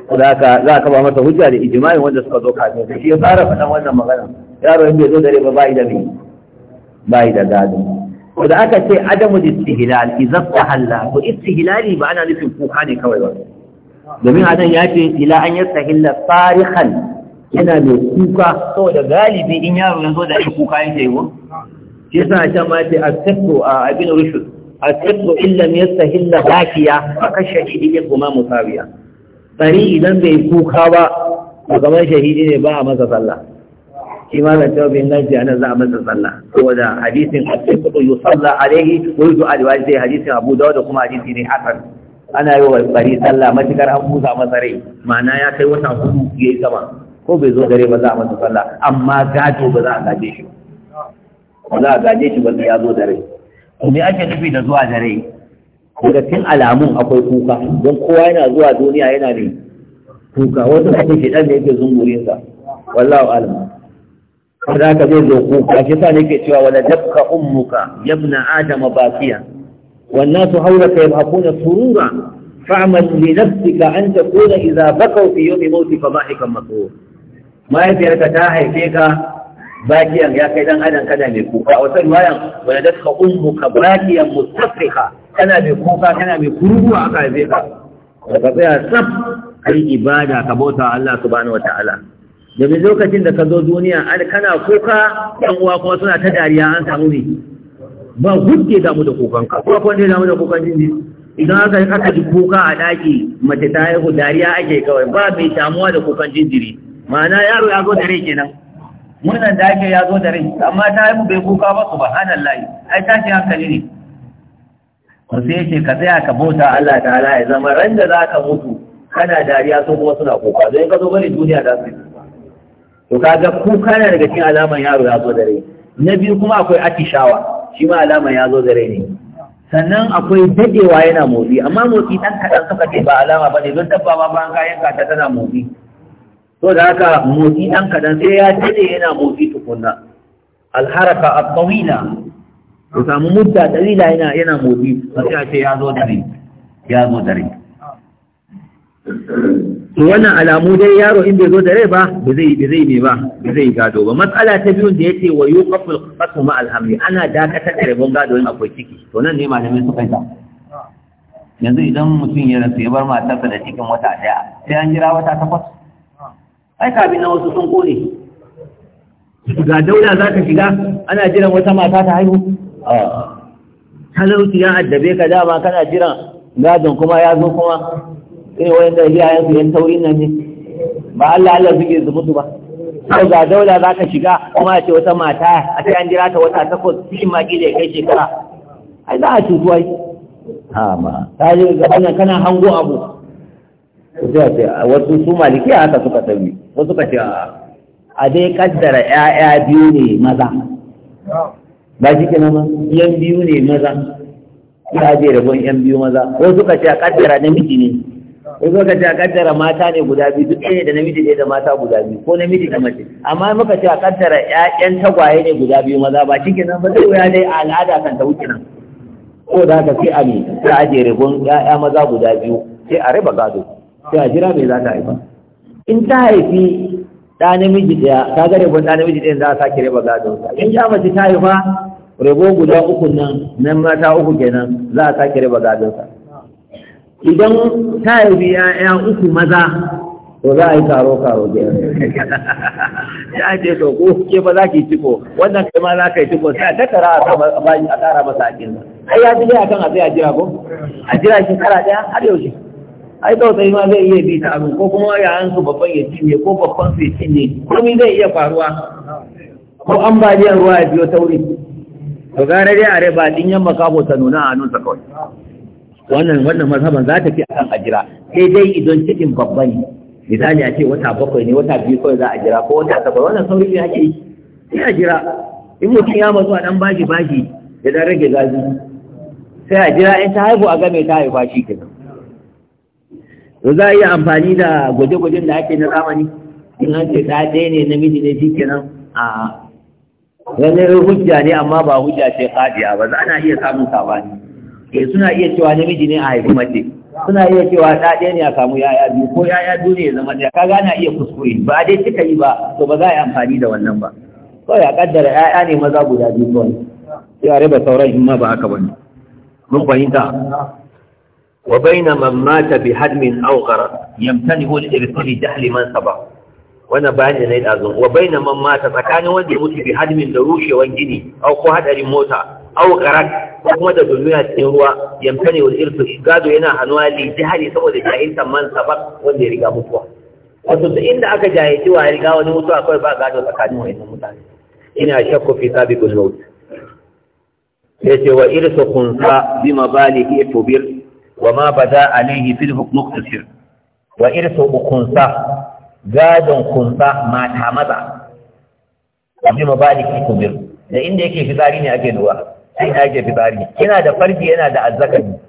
to da haka za ka ba masa hujja da ijima'i wanda suka zo kafin shi ya fara faɗan wannan magana yaro in bai zo da rai ba bai da me bai da gado ko da aka ce adamu istihlal idza tahalla ko istihlali ba ana nufin kuka ne kawai ba domin anan ya ce ila an yasta yastahilla sarihan yana mai kuka saboda galibi in yaro ya zo da ai kuka ya yake yi shi yasa a can ma ce as-sirru a abin rushd as-sirru illa lafiya a aka shahidi ya kuma musawiya tsari idan bai kuka ba a gaban shahidi ne ba a masa sallah shi ma da cewa bin gaji ana za a masa sallah saboda hadisin asibu yusalla alaihi wa yuzu alaihi hadisin abu da kuma hadisi ne hasan ana yi wa bari sallah matukar an busa masa rai ma'ana ya kai wata hudu ya yi sama ko bai zo gare ba za a masa sallah amma gado ba za a gaje shi ba za a gaje shi ba sai ya zo da rai to me ake nufi da zuwa da rai daga cikin alamun akwai kuka don kowa yana zuwa duniya yana ne kuka wata kuma dan da yake sa wallahu alam kada ka zai zo kuka shi sa nake cewa wala dabka ummuka yabna adama bakiya والناس حولك يضحكون سرورا فاعمل لنفسك أن تكون إذا بكوا في يوم موتك ضاحكا مسرورا ما يفعلك تاهي فيك باكيا يا كيدان أدن كذا ميكوكا وسن ما ولدتك أمك باكيا مستصرخا كنا ميكوكا كنا ميكوكا أكا فيك وتطيع سب أي إبادة كبوتا الله سبحانه وتعالى domin lokacin da ka zo duniya an kana kuka yan uwa kuma suna ta dariya an samu ne ba gudde damu da kukanka ko akwai wanda ya damu da kukan ne idan aka yi aka ji kuka a ɗaki mace ta haihu dariya ake kawai ba mai damuwa da kukan jinjiri ma'ana yaro ya zo da rai kenan murnan da ake ya zo da rai amma ta mu bai kuka ba su ba hannun layi ai ce hankali ne ko sai ce ka tsaya ka bauta Allah ta ala ya zama ran da za ka mutu kana dariya to kuma suna kuka zai ka zo bane duniya za su yi to kaga kuka na daga cikin alamar yaro ya zo da rai na biyu kuma akwai atishawa shi ma alama ya zo gare ne. sannan akwai daɗewa yana motsi amma motsi ɗan kaɗan suka ce ba alama ba ne don dabba ma bayan kayan kata tana motsi to da haka motsi ɗan kaɗan sai ya dade yana motsi tukunna alharaka a tawila ku samu mudda ɗalila yana motsi sai a ce ya zo dare ya zo dare to wannan alamu dai yaro in bai zo da rai ba ba zai ba zai ba ba zai gado ba matsala ta biyun da yake wa yuqaful qatu ma alhamdi ana dakatar da rabon gado in akwai ciki to nan ne su suka ta yanzu idan mutum ya rasu ya bar matarsa da cikin wata daya sai an jira wata takwas ai bi na wasu sun kone ga daula za ka shiga ana jiran wata mata ta haihu talauci ya addabe ka dama kana jiran gadon kuma ya zo kuma sai eh, wanda ya yi ayyukan taurin nan ne ba Allah Allah suke su mutu ba sai ga daula za ka shiga kuma ce wata mata a sai an jira ta wata takwas cikin maki da ya kai shekara ai za a cutu ai amma ta je ga wannan kana hango abu sai ce wasu su maliki haka suka sani, wasu suka ce a dai kaddara ƴaƴa biyu ne maza ba shi kenan ma yan biyu ne maza ya je rabon yan biyu maza wasu suka ce a kaddara namiji ne ko zo ka ce a kaddara mata ne guda biyu duk ɗaya da namiji ɗaya da mata guda biyu ko namiji da mace amma muka ce a kaddara ƴaƴan tagwaye ne guda biyu maza ba shi nan ba zai wuya dai a al'ada kan ta wuce nan ko da haka sai a ne sai a rigon ƴaƴa maza guda biyu sai a raba gado sai a jira me za ta haifa in ta haifi ɗa namiji ɗaya ta ga rabon ɗa namiji ɗaya za a sake raba gado in ta mace ta haifa rabo guda uku nan nan mata uku kenan za a sake raba gadonsa idan ta haifi ‘ya'ya uku maza to za a yi karo-karo biya ya ce to ko ke ba za ki ciko wannan kai ma za ka yi ciko sai ta tara a bayan a tara masa akin ai ya ji akan a sai a jira ko a jira shi kara daya har yaushe ai sai ma zai iya bi ta abin ko kuma an su babban ya cinye ko babban su ya cinye komai zai iya faruwa ko an ambaliyar ruwa ya biyo tauri to gara dai a rai ba din yamma kabo ta nuna a ta kawai wannan wannan mazhaban za ta fi akan a jira sai dai idan cikin babba ne misali a ce wata bakwai ne wata biyu kawai za a jira ko wata takwas wannan sauri ne ake yi sai a jira in mutum ya mazu a dan bashi bashi ya dan rage zafi sai a jira in ta haihu a game ta haifa shi kenan to za a iya amfani da gwaje-gwajen da ake na zamani in an ce ta ɗaya ne namiji ne shi kenan a ganin hujja ne amma ba hujja ce ƙadiya ba za ana iya samun sabani ke eh, suna iya cewa namiji ne a haifi mace suna iya cewa ɗa ɗaya ne a samu yaya biyu ko yaya biyu ne ya zama ɗaya kaga ana iya kuskure ba dai kika yi ba to ba za a yi amfani da wannan ba kawai a kaddara yaya ne maza guda biyu kawai sai a raba sauran in ma ba haka bane mun fahimta wa baina man mata bi hadmin aw gharar yamtanihu al-irsil jahli man saba wannan bayan da na yi ɗazun wa bai man mata tsakanin wanda ya mutu bi hadmin da rushewan gini aw ko hadarin mota au qarat ko kuma da duniya cikin ruwa yamtani wal irtu gado yana hannuwa li jahali saboda jahilta man sabab wanda ya riga mutuwa wato da inda aka jahilci wa riga wani mutuwa akwai ba gado tsakanin wayannan mutane ina shakku fi sabiqul maut yace wa irsu kunsa bi mabalihi tubir wa ma bada alaihi fil muqtasir wa irsu kunsa gadon kunsa mata maza bi mabalihi tubir da inda yake fitsari ne ake duwa ta ina yake fitsari yana da farji yana da azzakari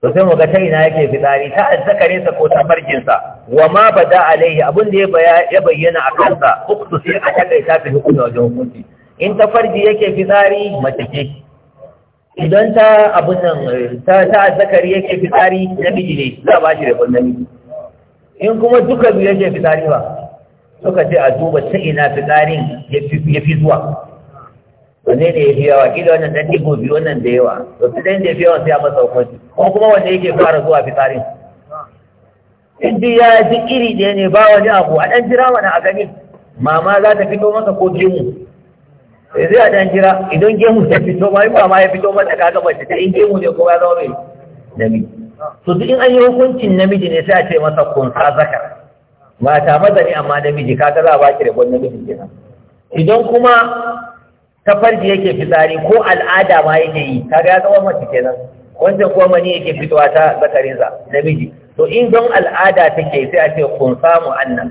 to sai mu ga ta ina yake fitsari ta azzakare sa ko ta farjin sa wa ma bada alaihi abin da ya bayyana a kansa uktu sai a takaita ta hukunta wajen hukunci in ta farji yake fitsari mace ce idan ta abun nan ta ta azzakari yake fitsari namiji ne za ba shi rabon namiji in kuma duka biyu yake fitsari ba suka ce a duba ta ina fitsarin ya fi zuwa wanne ne ya fi yawa kila wannan dan digo biyu wannan da yawa to su dan da fi yawa sai a masa hukunci ko kuma wanne yake fara zuwa fitsarin in duk ya ji iri ɗaya ne ba wani abu a ɗan jira wani a gani mama za ta fito masa ko gemu eh, sai zai a ɗan jira idan gemu ta fito ma in mama ya fito masa kaga mace ta in gemu ne ko ya zama mai namiji to duk in an yi hukuncin namiji ne sai a ce masa kun sa zaka mata maza ne amma namiji kaga za a baki rabon namiji kenan idan kuma ta farji yake fitsari ko al'ada ma yake yi ta ya zama mace kenan wanda kuma mani yake fitowa ta zakarinsa namiji to in don al'ada take sai a ce kun samu annan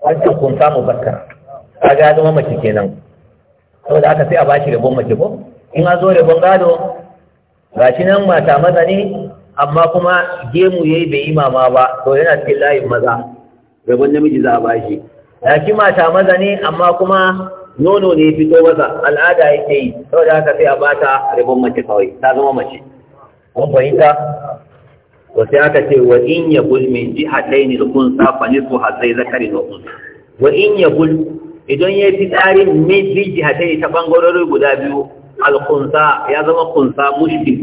wancan kun samu bakar ta ya zama mace kenan saboda aka sai a bashi rabon mace ko in an zo rabon gado gashi nan mata maza ne amma kuma gemu yayi bai yi mama ba to yana cikin layin maza rabon namiji za a bashi gashi mata maza ne amma kuma nono ne ya fito masa al'ada yake yi da haka sai a bata ribon mace kawai ta zama mace kun fahimta ko sai aka ce wa in gul min jihatayn kun sa fa nisfu hadai zakari na kun wa in gul idan ya fi tsari min jihatayn ta bangarori guda biyu al ya zama kunsa mushkil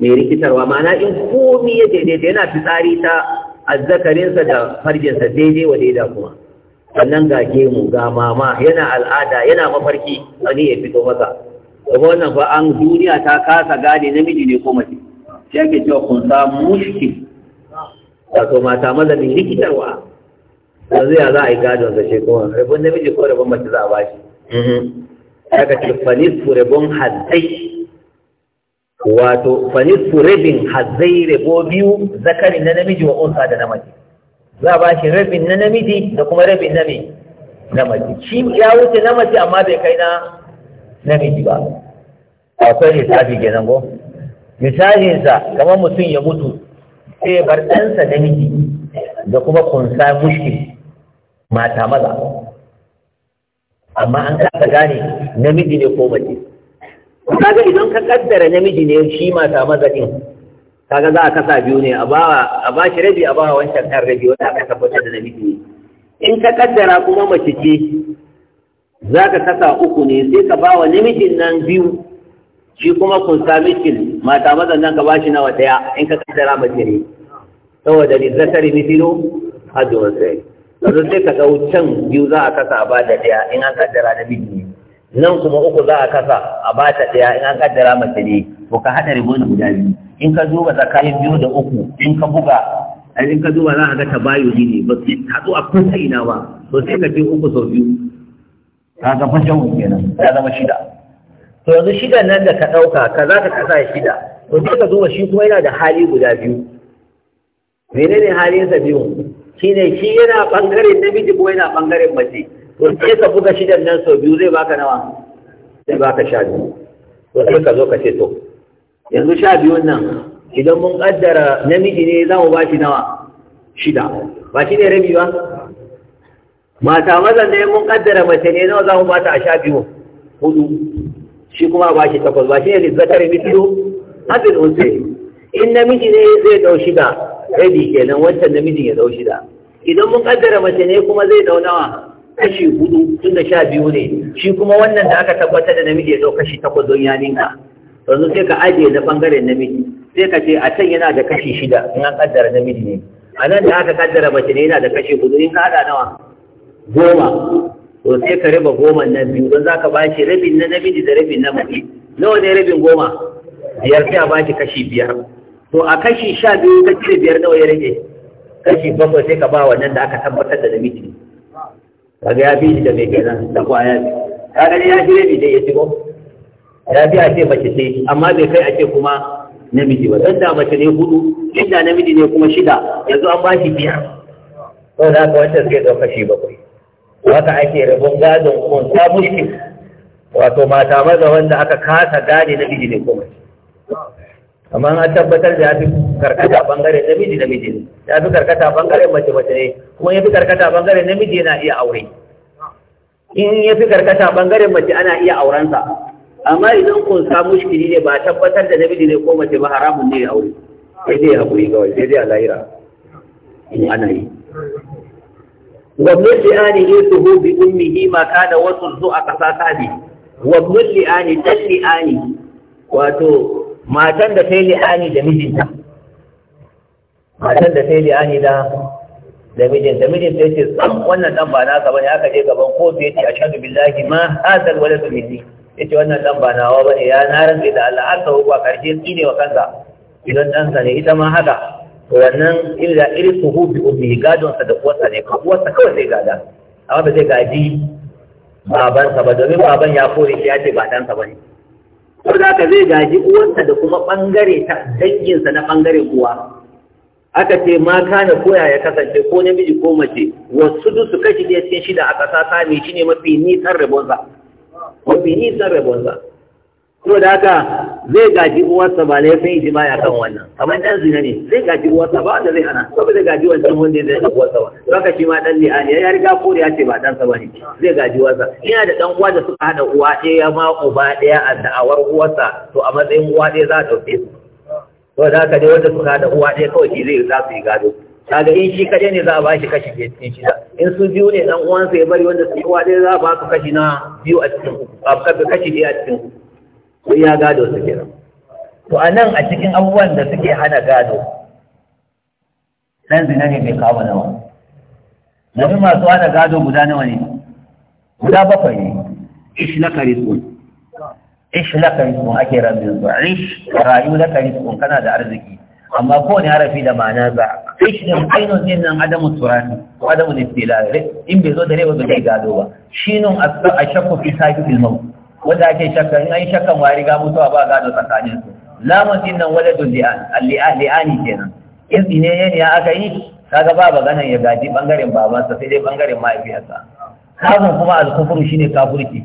mai rikitarwa ma'ana in komi ya daidaita yana fi tsari ta azzakarinsa da farjinsa daidai wa daidai kuma sannan ga mu ga mama yana al'ada yana mafarki wani ya fito masa kuma wannan fa an duniya ta kasa gane namiji ne ko mace sai ake cewa kun sa mushki wato mata maza ne likitarwa yanzu ya za a yi gadon sa shekuma rabon namiji ko rabon mace za a bashi daga mm-hmm. ce fanisfu rabon haddai wato fanisfu rabin haddai rabo biyu zakari na namiji wa unsa da na mace za a ba shi rabin na namiji da kuma rabin na mai na shi ya wuce na amma bai kai na namiji ba akwai lissafi kenan ko misalinsa kamar mutum ya mutu sai bar ɗansa namiji da kuma kunsa mushkil mata maza amma an kasa gane namiji ne ko mace kaga idan ka kaddara namiji ne shi mata maza din kaga za a kasa biyu ne a ba shi rabi a ba wancan kan rabi wanda aka tabbatar da namiji ne in ka kaddara kuma mace ce za ka kasa uku ne sai ka ba wa namijin nan biyu shi kuma kun sami kil mata mazan nan ka ba shi nawa daya in ka kaddara mace ne saboda ni zakari mithlu A sai yanzu sai ka dau can biyu za a kasa a ba da daya in an kaddara namiji ne nan kuma uku za a kasa a ba ta daya in an kaddara mace ne ko ka hada ribon guda biyu in ka duba tsakanin biyu da uku in ka buga in ka duba za a ga ta bayu ne ba su haɗu a kusa ina ba to sai ka ce uku sau biyu ka ga fashin kenan ya zama shida to yanzu shida nan da ka ɗauka ka za ka kasa shida to sai ka duba shi kuma yana da hali guda biyu menene halinsa biyu shine shi yana ɓangaren namiji kuma yana ɓangaren mace to sai ka buga shidan nan sau biyu zai baka nawa zai baka sha biyu to sai ka zo ka ce to yanzu sha biyun nan idan mun kaddara namiji ne za mu ba shi nawa shida ba shi ne rabi ba mata mazan ne mun kaddara mace ne nawa za mu ba ta a sha biyu hudu shi kuma ba shi takwas ba shi ne lizzakar mitilu hafin unse in namiji ne zai dau shida rabi kenan wancan namiji ya dau shida idan mun kaddara mace ne kuma zai dau nawa kashi hudu tun da sha biyu ne shi kuma wannan da aka tabbatar da namiji ya dau kashi takwas don ya ninka yanzu sai ka ajiye na bangaren namiji sai ka ce a can yana da kashi shida in an kaddara namiji ne a nan da aka kaddara mace ne yana da kashi hudu in ka hada nawa goma to sai ka raba goma na biyu don za ka bashi rabin na namiji da rabin na mace nawa ne rabin goma biyar sai a bashi kashi biyar to a kashi sha biyu ka cire biyar nawa ya rage kashi bakwai sai ka ba wannan da aka tabbatar da namiji ne kaga ya bi da mai kenan da kwaya kaga ya shi rabi dai ya shigo ya a ce mace ce amma bai kai a ce kuma namiji ba don da mace ne hudu inda namiji ne kuma shida yanzu an ba shi biyar to da ka wancan zai ɗauka shi bakwai haka ake rabon gadon kun ta mushi wato mata maza wanda aka kasa gane namiji ne kuma. amma an tabbatar da ya fi karkata bangare namiji namiji ne ya fi karkata bangare mace mace ne kuma ya fi karkata bangare namiji yana iya aure in ya fi karkata bangare mace ana iya aurensa amma idan kun samu mushkili ne ba tabbatar da namiji ne ko mace ba haramun ne aure sai dai hakuri kawai sai dai a lahira in ana yi wabnul li'ani yusuhu bi ummihi ma kana wasu zu a ta bi wabnul li'ani dan li'ani wato matan da sai li'ani da mijinta matan da sai li'ani da da mijinta mijinta yace ce wannan dan ba na naka bane aka je gaban ko sai ce ashhadu billahi ma hadal waladu minni ce wannan dan ba nawa ne ya na rantsa da Allah har sau a karshe ne wa kansa idan dan sa ne ita ma haka wannan illa irsuhu su ummi gadon gadonsa da uwarsa ne ka uwarsa kawai zai gada a ba zai gaji babansa ba domin baban ya kore shi ya ce ba ɗansa ba ne ko za ka zai gaji uwarsa da kuma bangare ta danginsa na ɓangare kuwa? aka ce ma kana koya ya kasance ko namiji ko mace wasu dusu kashi ɗaya cikin shida a ƙasa sami shi ne mafi nisan rabonsa ko bihi san rabonsa ko da haka zai gaji uwarsa ba da ya san shi kan wannan kamar dan zina ne zai gaji uwarsa ba wanda zai hana ko zai gaji wancan wanda zai gaji uwarsa ba haka shi ma dan ne ya riga kore ya ce ba dan sa ne zai gaji uwarsa ina da dan uwa da suka hada uwa ɗaya ya ma uba ɗaya a da'awar uwarsa to a matsayin uwa ɗaya za a ɗauke su to da haka dai wanda suka hada uwa ɗaya kawai shi zai za su yi gado kaga in shi kaɗai ne za a ba shi kashi biyar cikin shida in su biyu ne ɗan uwansa ya bari wanda su uwa dai za a ba su kashi na biyu a cikin uku a kashi biyu a cikin uku ya gado su kenan to a nan a cikin abubuwan da suke hana gado ɗan zina ne mai kawo nawa domin masu hana gado guda nawa ne guda bakwai ne ish na su ish na su ake rabin su ish rayu na su kana da arziki amma kowane harafi da ma'ana za da ainun din nan adamu turani ko adamu istila in bai zo da rewa bai gado ba Shi a shakku fi sahibil maut wanda ake shakka in an shakkan wa riga mutuwa ba gado tsakanin su lamun din nan waladul li'an liani kenan in ne ne aka yi kaga ba ganin ya gaji bangaren baban sa sai dai bangaren mahaifiyarsa kafin kuma al-kufru shine kafurki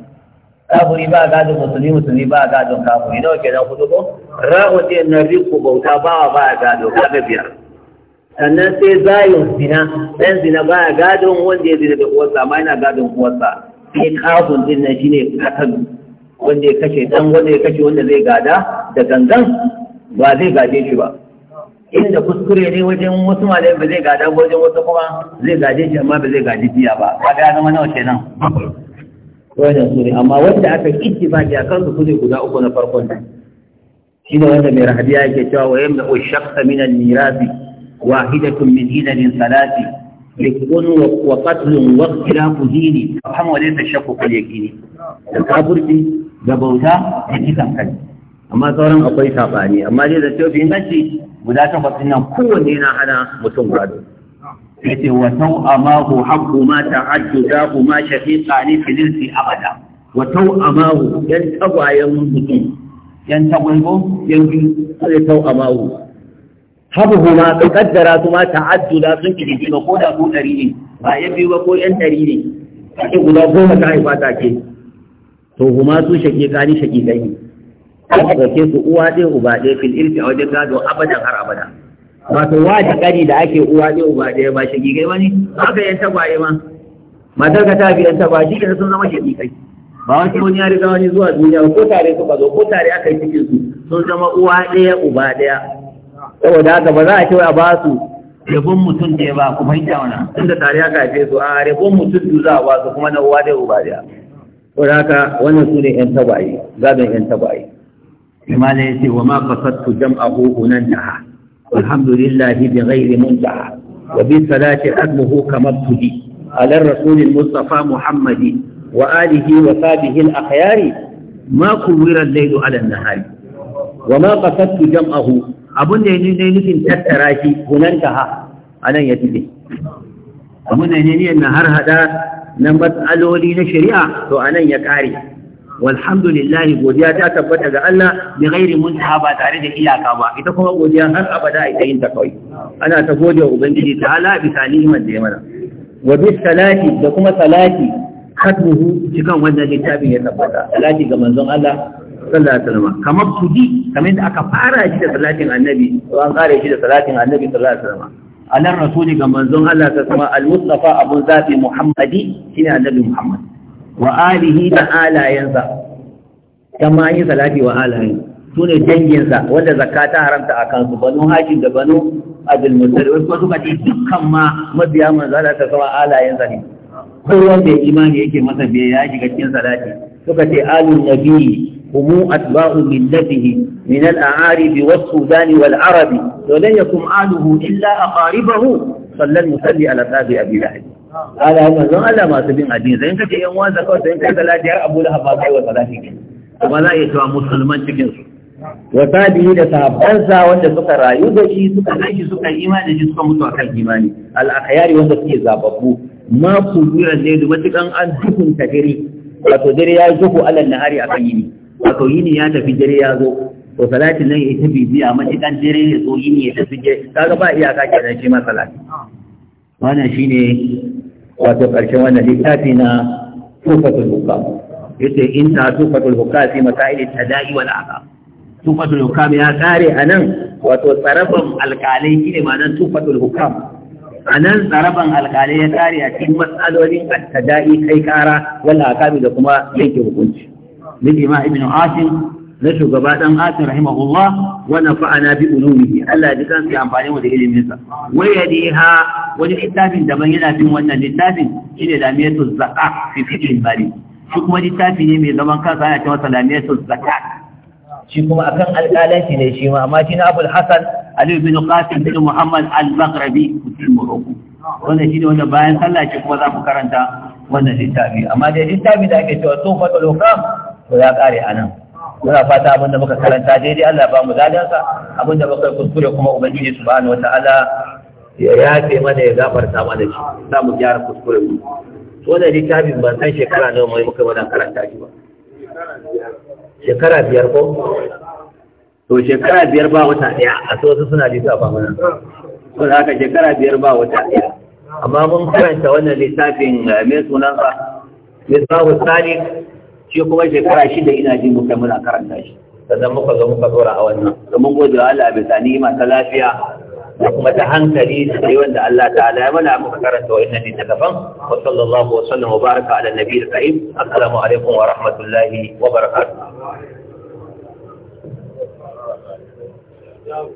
kafuri ba gado musulmi musulmi ba gado kafiri nawa kenan hudu ko ra'u din na riku bauta ba ba gado kaga biyar sannan sai zayin zina ɗan zina ba ya gadon wanda ya zina da uwarsa amma yana gadon uwarsa sai kafin din nan shine katan wanda ya kashe dan wanda ya kashe wanda zai gada da gangan ba zai gaje shi ba inda kuskure ne wajen wasu malamai ba zai gada ba wajen wasu kuma zai gaje shi amma ba zai gaje biya ba ba ya zama nawa kenan wannan sune ne amma wanda aka ba ya su kuje guda uku na farkon nan shine wanda mai rahabiya yake cewa wa yamna ushaqqa min al-mirasi واحدة من هلل ثلاث رفق وقتل واختلاف دين أرحم وليس الشك واليقين الكافر da bauta da kisan kai amma sauran akwai saɓani amma dai da cewa inganci guda takwas nan kowanne na hana mutum gado yace wa tau'amahu haqqu ma ta'ajjuda ma shafiqa ni filirsi abada wa tau'amahu yan tagwayen mutum yan tagwayo yan biyu sai ma ka kaddara su ma ta'addula sun kiji ba ko da ko ɗari ne ba ya biyu ba ko yan ɗari ne sai guda goma ta haifa ta ke to huma su shake kani shake kai ko ke su uwa ɗaya uba ɗaya fil irfi a wajen gado abadan har abada wato wace kari da ake uwa ɗaya uba ɗaya ba shake kai ba ne haka yan tagwaye ma matar ka ta fi yan tagwaye shi ke sun zama shake kai ba wani wani ya riga wani zuwa duniya ko tare ba zo ko tare aka yi cikin su sun zama uwa ɗaya uba ɗaya saboda haka ba za a ce a ba su rabon mutum ne ba ku fahimta wannan tunda tare haka haife su a rabon mutum biyu za a ba su kuma na uwa da uba da saboda haka wannan su ne yan tabayi gadon yan tabayi kuma ne yace wa ma fasattu jam'ahu ha? alhamdulillah bi ghairi muntaha wa bi salati azmuhu kama tudi ala rasulil mustafa muhammadi wa alihi wa sahbihi al akhyari ma kuwira al-laylu ala an-nahari wa ma qasadtu jam'ahu abin da ya nufin tattara shi ta ha a nan ya tuɗe abin da ya niyan na har hada na matsaloli na shari'a to a nan ya ƙare walhamdulillah godiya ta tabbata ga Allah bi ghairi muntaha ba tare da iyaka ba ita kuma godiya har abada ita yin ta kawai ana ta gode wa ubangiji ta ala bisa ni'imar da ya mana wa bi salati da kuma salati katmuhu cikan wannan littafin ya tabbata salati ga manzon Allah sallallahu alaihi wasallam kamar sudi kamar yadda aka fara shi da salatin annabi ko an kare shi da salatin annabi sallallahu alaihi wasallam alan rasuli ga manzon Allah ta sama al-mustafa abun zafi muhammadi shine annabi muhammad wa alihi da alayansa kama yi salati wa alayi sune danginsa wanda zakka ta haramta a kansu banu hajji da banu abdul muttalib wasu suka ce dukkan ma mabiya manzon Allah ta sama alayansa ne Kowa wanda imani yake masa biya ya shiga cikin salati suka ce alun nabi humu atba'u millatihi min al-a'arib was-sudan wal-arab wa lan yakum aluhu illa aqaribahu sallan musalli ala sabi abi lahab ala manzon Allah masu bin addini sai kace yan wanda kawai sai kai salatiyar har Abu Lahab ba kai wa salati kuma za a yi cewa musulman cikin su wa tabihi da sahabbansa wanda suka rayu da shi suka gaji suka imani da shi suka mutu akan imani al-akhyari wanda suke zababbu ma kubira ne da matukan an dukun tagiri wato dare ya zuhu alal nahari akan yini wato yini ya tafi dare ya zo to salatin nan ita bibiya matukan dare ya zo yini ya tafi dare kaga ba iyaka nan shi ma salati wannan shine wato karshen wannan littafi na tufatul hukam yace in ta tufatul hukam fi masail tadai wal aqa tufatul hukam ya kare anan wato tsarafan alkalai shine nan tufatul hukam a nan tsaraban alkalai ya kare a cikin matsalolin attada'i kai kara wala akami da kuma yanke hukunci nabi ma ibnu asim na shugaba dan asim rahimahullah wa nafa'ana bi ulumihi Allah ya dukan sai amfani mu da ilimin sa wai ha wani littafin da daban yana bin wannan littafin shine lamiyatu zakat fi fiqh al-bari shi kuma littafi ne mai zaman kansa ana cewa lamiyatu zakat shi kuma akan alkalanci ne shi ma amma shi na Abul Hasan Aliyu bin Qasim bin Muhammad al-Maghribi mutum Morocco wannan shine wanda bayan sallah ce kuma za mu karanta wannan littafi amma dai littafi da ake cewa sun faɗa to ya kare a nan muna fata abin da muka karanta daidai Allah ba mu dadansa abin da muka kuskure kuma ubangiji subhanahu wata'ala ya yafe mana ya gafarta mana shi za mu gyara kuskure mu wannan littafin ban san shekara nawa mai muka wannan karanta shi ba shekara biyar ko to shekara biyar ba wata ɗaya a so su suna lissafa mana to da haka shekara biyar ba wata ɗaya amma mun karanta wannan lissafin eh, mai sunan sa misbahu salik shi kuma shekara shida ina ji muka muna karanta shi sannan muka zo muka tsora a wannan domin gode wa Allah bisa ni'ima ta lafiya da kuma ta hankali da sai wanda Allah ta'ala ya mana muka karanta wa'annan littafan wa sallallahu wa sallam wa baraka ala nabiyil karim assalamu alaikum wa rahmatullahi wa barakatuh Love.